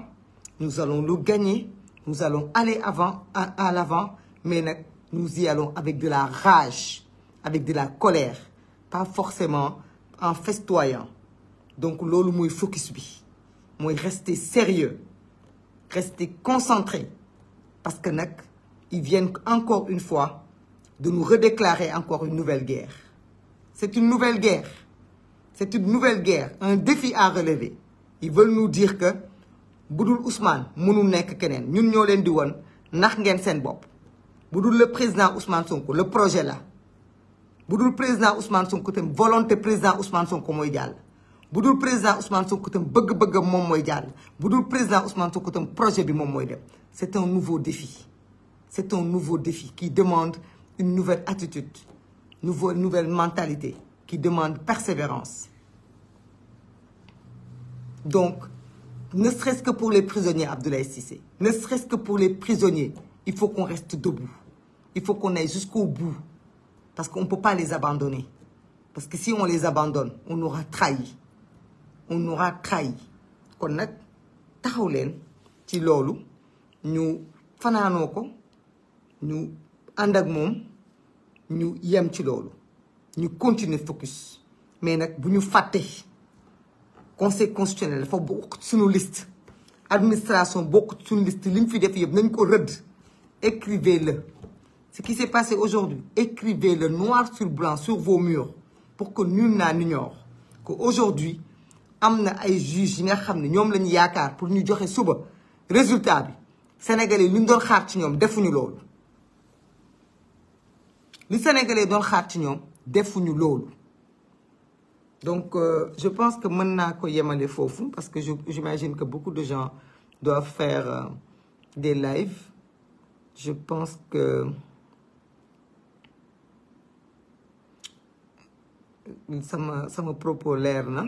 nous allons le gagner nous allons aller avant à, à l'avant mais nag nous y allons avec de la rage avec de la colère pas forcément en festoyant donc loolu mooy focus bi mooy rester sérieux rester concentré parce que nag ils viennent encore une fois de nous redéclarer encore une nouvelle guerre c'est une nouvelle guerre c'est une nouvelle guerre un défi à relever ils veulent nous dire que bu dul Ousmane mënul nekk keneen ñun ñoo leen di woon nax ngeen seen bopp bu dul le président Ousmane Sonko le projet la bu dul président Ousmane Sonko tam volonté président Ousmane Sonko mooy jàll bu dul président Ousmane Sonko tam bëgg-bëggam moom mooy jàll bu dul président ousman Sonko tam projet bi moom mooy dem c'est un nouveau défi c'est un nouveau défi qui demande nouvelle attitude nouveau nouvelle mentalité qui demande persévérance donc ne serait-ce que pour les prisonniers Abdoulaye Cissé ne serait-ce que pour les prisonniers il faut qu'on reste debout il faut qu'on aille jusqu'au bout parce qu'on ne peut pas les abandonner parce que si on les abandonne on aura trahi on aura trahi kon nag taxaw leen ci loolu ñu fanaanoo ko ñu ànd moom ñu yem ci loolu ñu continuer focus mais nag bu ñu fàtte conseil constitutionnel dafa bokk suñu liste administration bokk suñu liste li ñu fi def yëpp nañ ko rëdd écrivez la ce qui s'est passé aujourd'hui écrivez-le noir sur blanc sur vos murs pour que ni n'ignore ko aujourd'hui am na ay juges yi nga xam ne ñoom lañu yaakaar pour ñu joxe suba résultat bi sénégalais yi ñu doon xaar ci ñoom defuñu loolu li Sénégalais donc xaar ci defuñu loolu donc euh, je pense que mën naa ko yemale foofu parce que je j'imagine que beaucoup de gens doivent faire euh, des je pense que sama sama propos leer na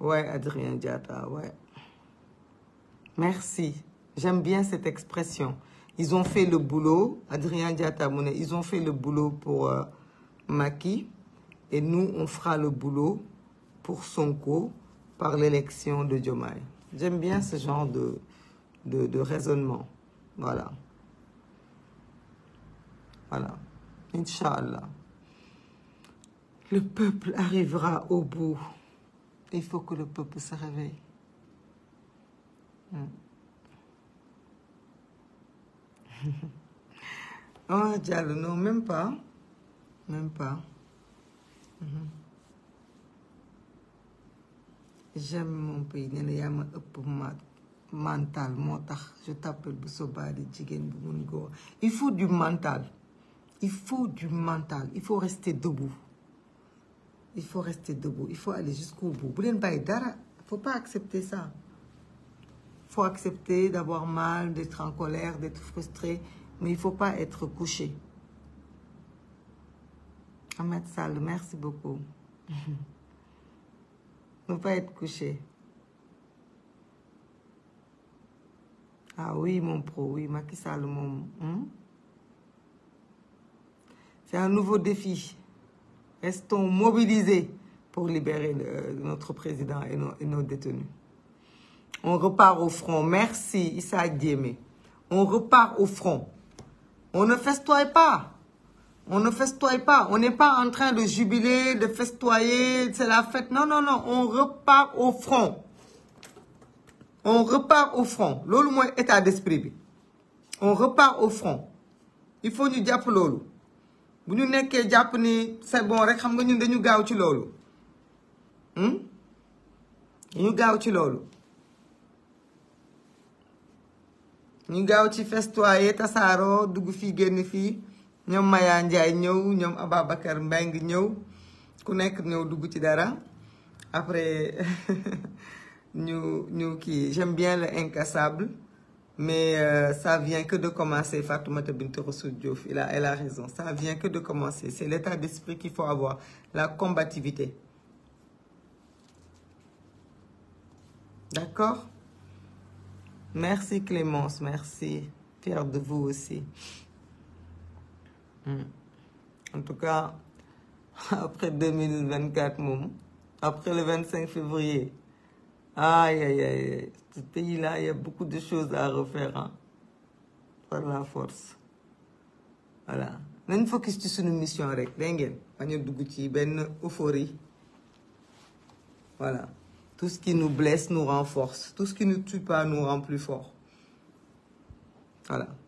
waaye a Diatta waaye merci j'aime bien cette expression ils ont fait le boulot Adrien Diatta mu ont fait le boulot pour euh, et nous on fera le boulot pour Sonko par l'élection de Diomaye j'aime bien ce genre de raisonnement voilà voilà Inch'Allah le peuple arrivera au bout il faut que le peuple se réveille Mm. Oh, Diallo, non, même pas. Mm-hmm. mon pays. nee na yaa ma ëpp mental moo tax je t'appelle bu sobaale jigéen bu mun góor il faut du mental il faut du mental il faut rester debout il faut rester debout il faut aller jusqu'au bout bu leen bàyyi dara faut pas accepter ça faut accepter d'avoir mal, d'être en colère, d'être frustré, mais il ne faut pas être couché. Ahmed Sall, merci beaucoup. ne pas être couché. Ah oui, mon pro, oui, Macky mon... Hmm? C'est un nouveau défi. Restons mobilisés pour libérer euh, notre président et nos, et On repart au front. Merci, Issa Diémé. On repart au front. On ne festoie pas. On ne festoie pas. On n'est pas en train de jubiler, de festoyer, c'est la fête. Non, non, non. On repart au front. On repart au front. Loolu mooy état d'esprit bi. On repart au front. Il faut ñu jàpp loolu. bu ñu nekkee jàpp ni c'est bon rek xam nga ñun dañu gaaw ci loolu. Hmm? ñu gaaw ci loolu. ñu gaaw ci festuwaaye tasaaroo dugg fii génn fii ñoom mayaa Ndiaye ñëw ñoom Ababacar ngi ñëw ku nekk ñëw dugg ci dara après ñu ñu kii j'aime bien le incassable mais sa euh, ça que de commencer Fatoumata Bintou Rassoul Diouf il a elle a raison ça vient que de commencer c'est l'état d'esprit qu'il faut avoir la combativité d'accord Merci Clémence, merci. Fier de vous aussi. Hmm. En tout cas, après 2024 moom, après le 25 février. Aïe, aïe, aïe. là il beaucoup de choses à refaire. Hein? Par la force. Voilà. nañ focus ci suñu mission rek dégg ngeen bañ a dugg ci benn euphorie voilà Tout ce qui nous blesse nous renforce. Tout ce qui ne tue pas nous rend plus fort.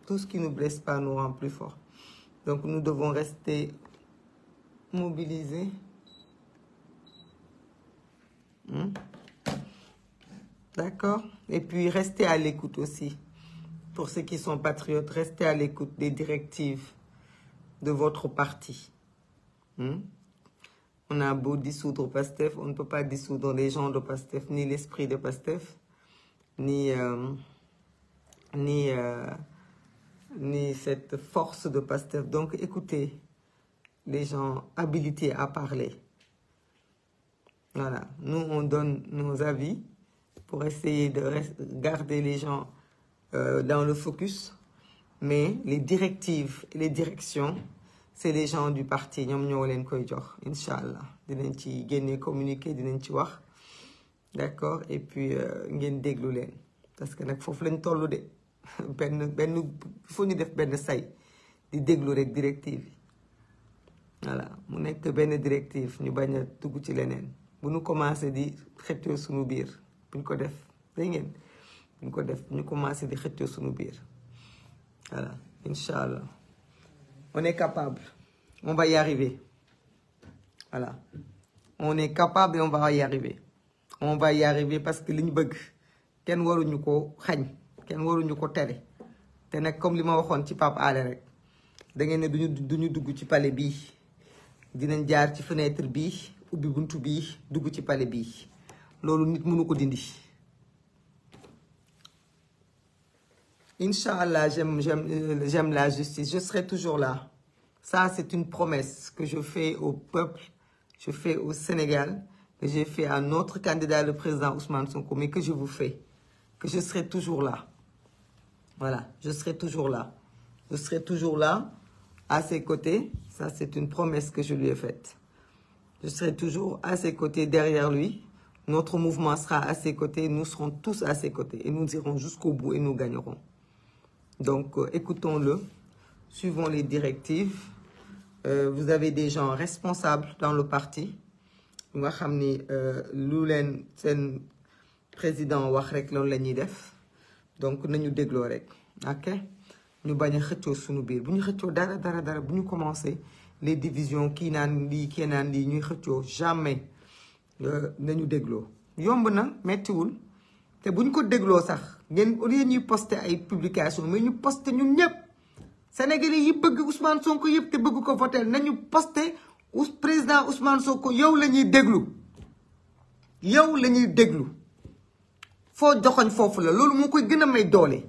Tout ce qui ne blesse pas nous rend plus fort. Donc nous devons rester mobilisés. Hum? D'accord Et puis rester à l'écoute aussi. Pour ceux qui sont patriotes, restez à l'écoute des directives de votre parti. Hmm? On a beau dissoudre Pastef, on ne peut pas dissoudre les gens de Pastef, ni l'esprit de Pastef, ni, euh, ni, euh, ni cette force de Pastef. Donc écoutez, les gens habilités à parler. Voilà, nous on donne nos avis pour essayer de garder les gens euh, dans le focus, mais les directives et les directions c'est les gens du parti ñoom ñoo leen koy jox incha allah dinañ ci génne communiqué dinañ ci wax d'accord et puis euh, ngeen déglu leen parce que nag foofu lañ tollu de benn benn fu ñu def benn say di déglu rek directive yi mu nekk benn directive ñu bañ a dugg ci leneen bu ñu commencé di xëccoo suñu biir buñ ko def dégg ngeen buñ ko def ñu commencé di xëccoo suñu biir voilà incha allah On est capable. On va y arriver. Voilà. On est capable et on va y arriver. va y parce que li ñu bëgg kenn waruñu ko xañ kenn waruñu ko tere te nag comme li ma waxoon ci Pape Alé rek da ngeen ne duñu duñu dugg ci pale bii dinañ jaar ci fenêtre bii ubbi bunt bii dugg ci pale bii loolu nit mënu ko dindi. Inch'Allah, euh, j'aime la justice. Je serai toujours là. Ça, c'est une promesse que je fais au peuple, je fais au Sénégal, que j'ai fait à notre candidat, le président Ousmane Sonko, mais que je vous fais. Que je serai toujours là. Voilà, je serai toujours là. Je serai toujours là, à ses côtés. Ça, c'est une promesse que je lui ai faite. Je serai toujours à ses côtés, derrière lui. Notre mouvement sera à ses côtés. Nous serons tous à ses côtés. Et nous irons jusqu'au bout et nous gagnerons. Donc, euh, écoutons-le, suivons les directives. Euh, vous avez des gens responsables dans le parti. nga xam ni euh, lu leen seen président wax rek loolu la ñuy def donc ñu dégloo rek ok ñu bañ a xëccoo suñu biir bu ñu xëccoo dara dara dara bu ñu commencé les divisions kii naan lii kii naan lii ñuy xëccoo jamais euh, nañu dégloo yomb na mettiwul te buñ ko dégloo sax ngeen au lieu ñuy poster ay publication mais ñu poster ñun ñëpp Sénégalais yi bëgg Ousmane Sonko yëpp te bëgg ko voter nañu poster ou président Ousmane Sonko yow la ñuy déglu yow lañuy déglu foo joxoñ foofu la loolu moo koy gën a may doole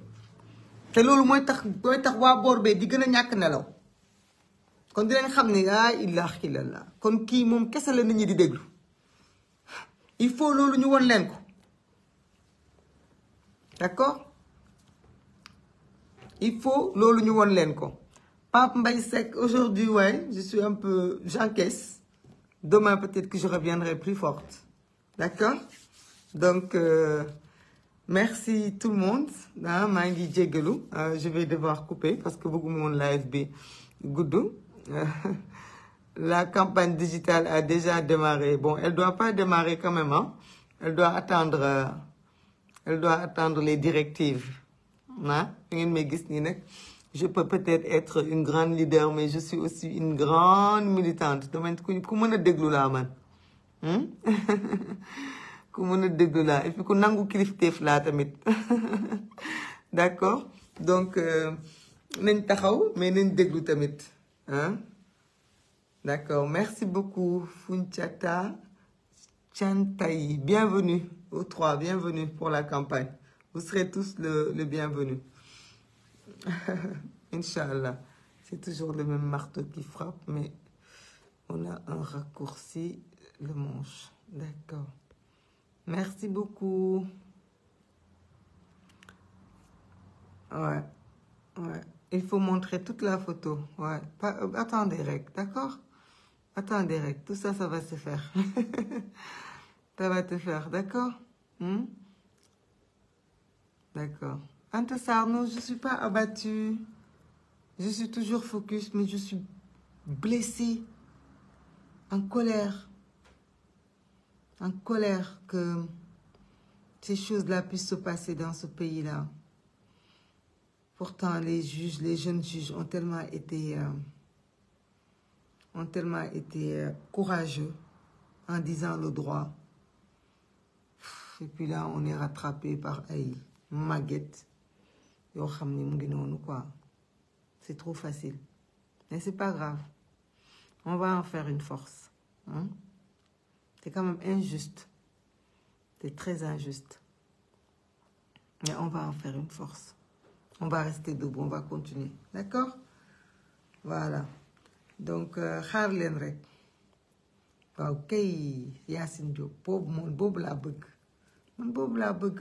te loolu mooy tax mooy tax waa boor bee di gën a ñàkk nelaw kon dinañ xam ne laa ilaaha illallah kon kii moom kese la nit ñi di déglu il faut loolu ñu won leen ko d'accord il faut loolu ñu won leen ko Pape Mbaye Seck aujourd'hui ouais je suis un peu j'encaisse demain peut-être que je reviendrai plus forte d'accord donc euh, merci tout le monde ah maa ngi jéggalu euh, je vais devoir couper parce que bëgguma la live bi gudd euh, la campagne digitale a déjà démarré bon elle doit pas démarrer quand même elle doit attendre. elle doit attendre les directives ah fi ngeen may gis ni nag je peux peut-être être une grande leader mais je suis aussi une grande militante dama ku mën a déglu laa man hmm? ku mën a déglu laa et puis ku nangu kilifteef laa tamit d'accord donc euh, nañ taxaw mais nañ déglu tamit ah d'accord merci beaucoup Foundiata Chantaï, bienvenue, aux trois, bienvenue pour la campagne. Vous serez tous le, le bienvenu. Inch'Allah, c'est toujours le même marteau qui frappe, mais on a un raccourci, le manche. D'accord. Merci beaucoup. Ouais, ouais. Il faut montrer toute la photo. Ouais. Pas, euh, attendez, rec, d'accord Attendez, rek, tout ça, ça va se faire. ça va te faire, d'accord hmm? D'accord. Anta Sarno, je ne suis pas abattue. Je suis toujours focus, mais je suis blessée, en colère. En colère que ces choses-là puissent se passer dans ce pays-là. Pourtant, les juges, les jeunes juges ont tellement été... Euh, ont tellement été euh, courageux en disant le droit. Et puis là, on est rattrapé par ay maguette. yoo xam ni mu ngi noonu quoi c'est trop facile mais c'est pas grave on va en faire une force hein? c'est quand même injuste c'est très injuste mais on va en faire une force on va rester debout on va continuer d'accord voilà donc euh, xaar leen rek waaw kay Yacine Diop boobu man boobu laa bëgg man boobu laa bëgg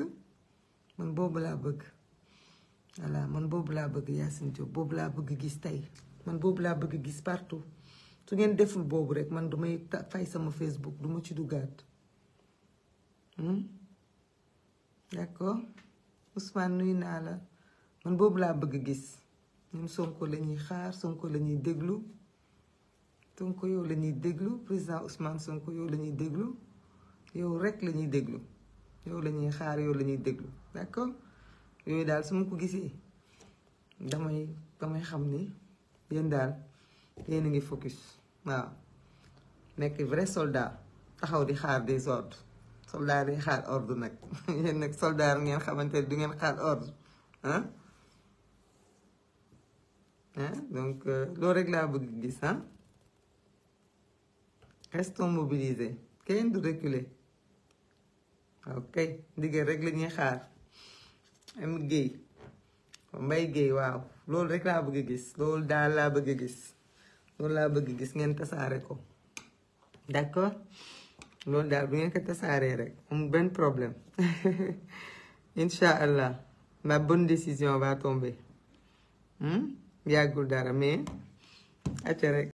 man boobu laa bëgg voilà man boobu laa bëgg Yacine boobu laa bëgg gis tey man boobu laa bëgg gis partout su ngeen deful boobu rek man damay fay sama Facebook duma ci duggaat hmm? d'accord Ousmane nuy naa la man boobu laa bëgg gis ñun Sonko la ñuy xaar Sonko la ñuy déglu Sonko yow la ñuy déglu président Ousmane Sonko yow lañuy ñuy déglu yow rek lañuy ñuy déglu yow lañuy xaar yow lañuy ñuy déglu d'accord daal su ma ko gisee damay damay xam ni yéen daal yéen a ngi focus waaw nekk vrai soldat taxaw di xaar des ordres soldat day xaar ordre nag yéen nag soldat ngeen xamante ne du ngeen xaar ordre ah. donc euh, loolu rek laa bëgg gis restons mobilisés kenn du reculer ok ndigal rek la ñuy xaar am géey mbay géey waaw loolu rek laa bëgg a gis loolu daal laa bëgg a gis loolu laa bëgg gis ngeen tasaare ko d'accord loolu daal bu ngeen ko tasaaree rek amul benn problème incha allah ma bonne décision va tomber hmm? yàggul dara mais acca rek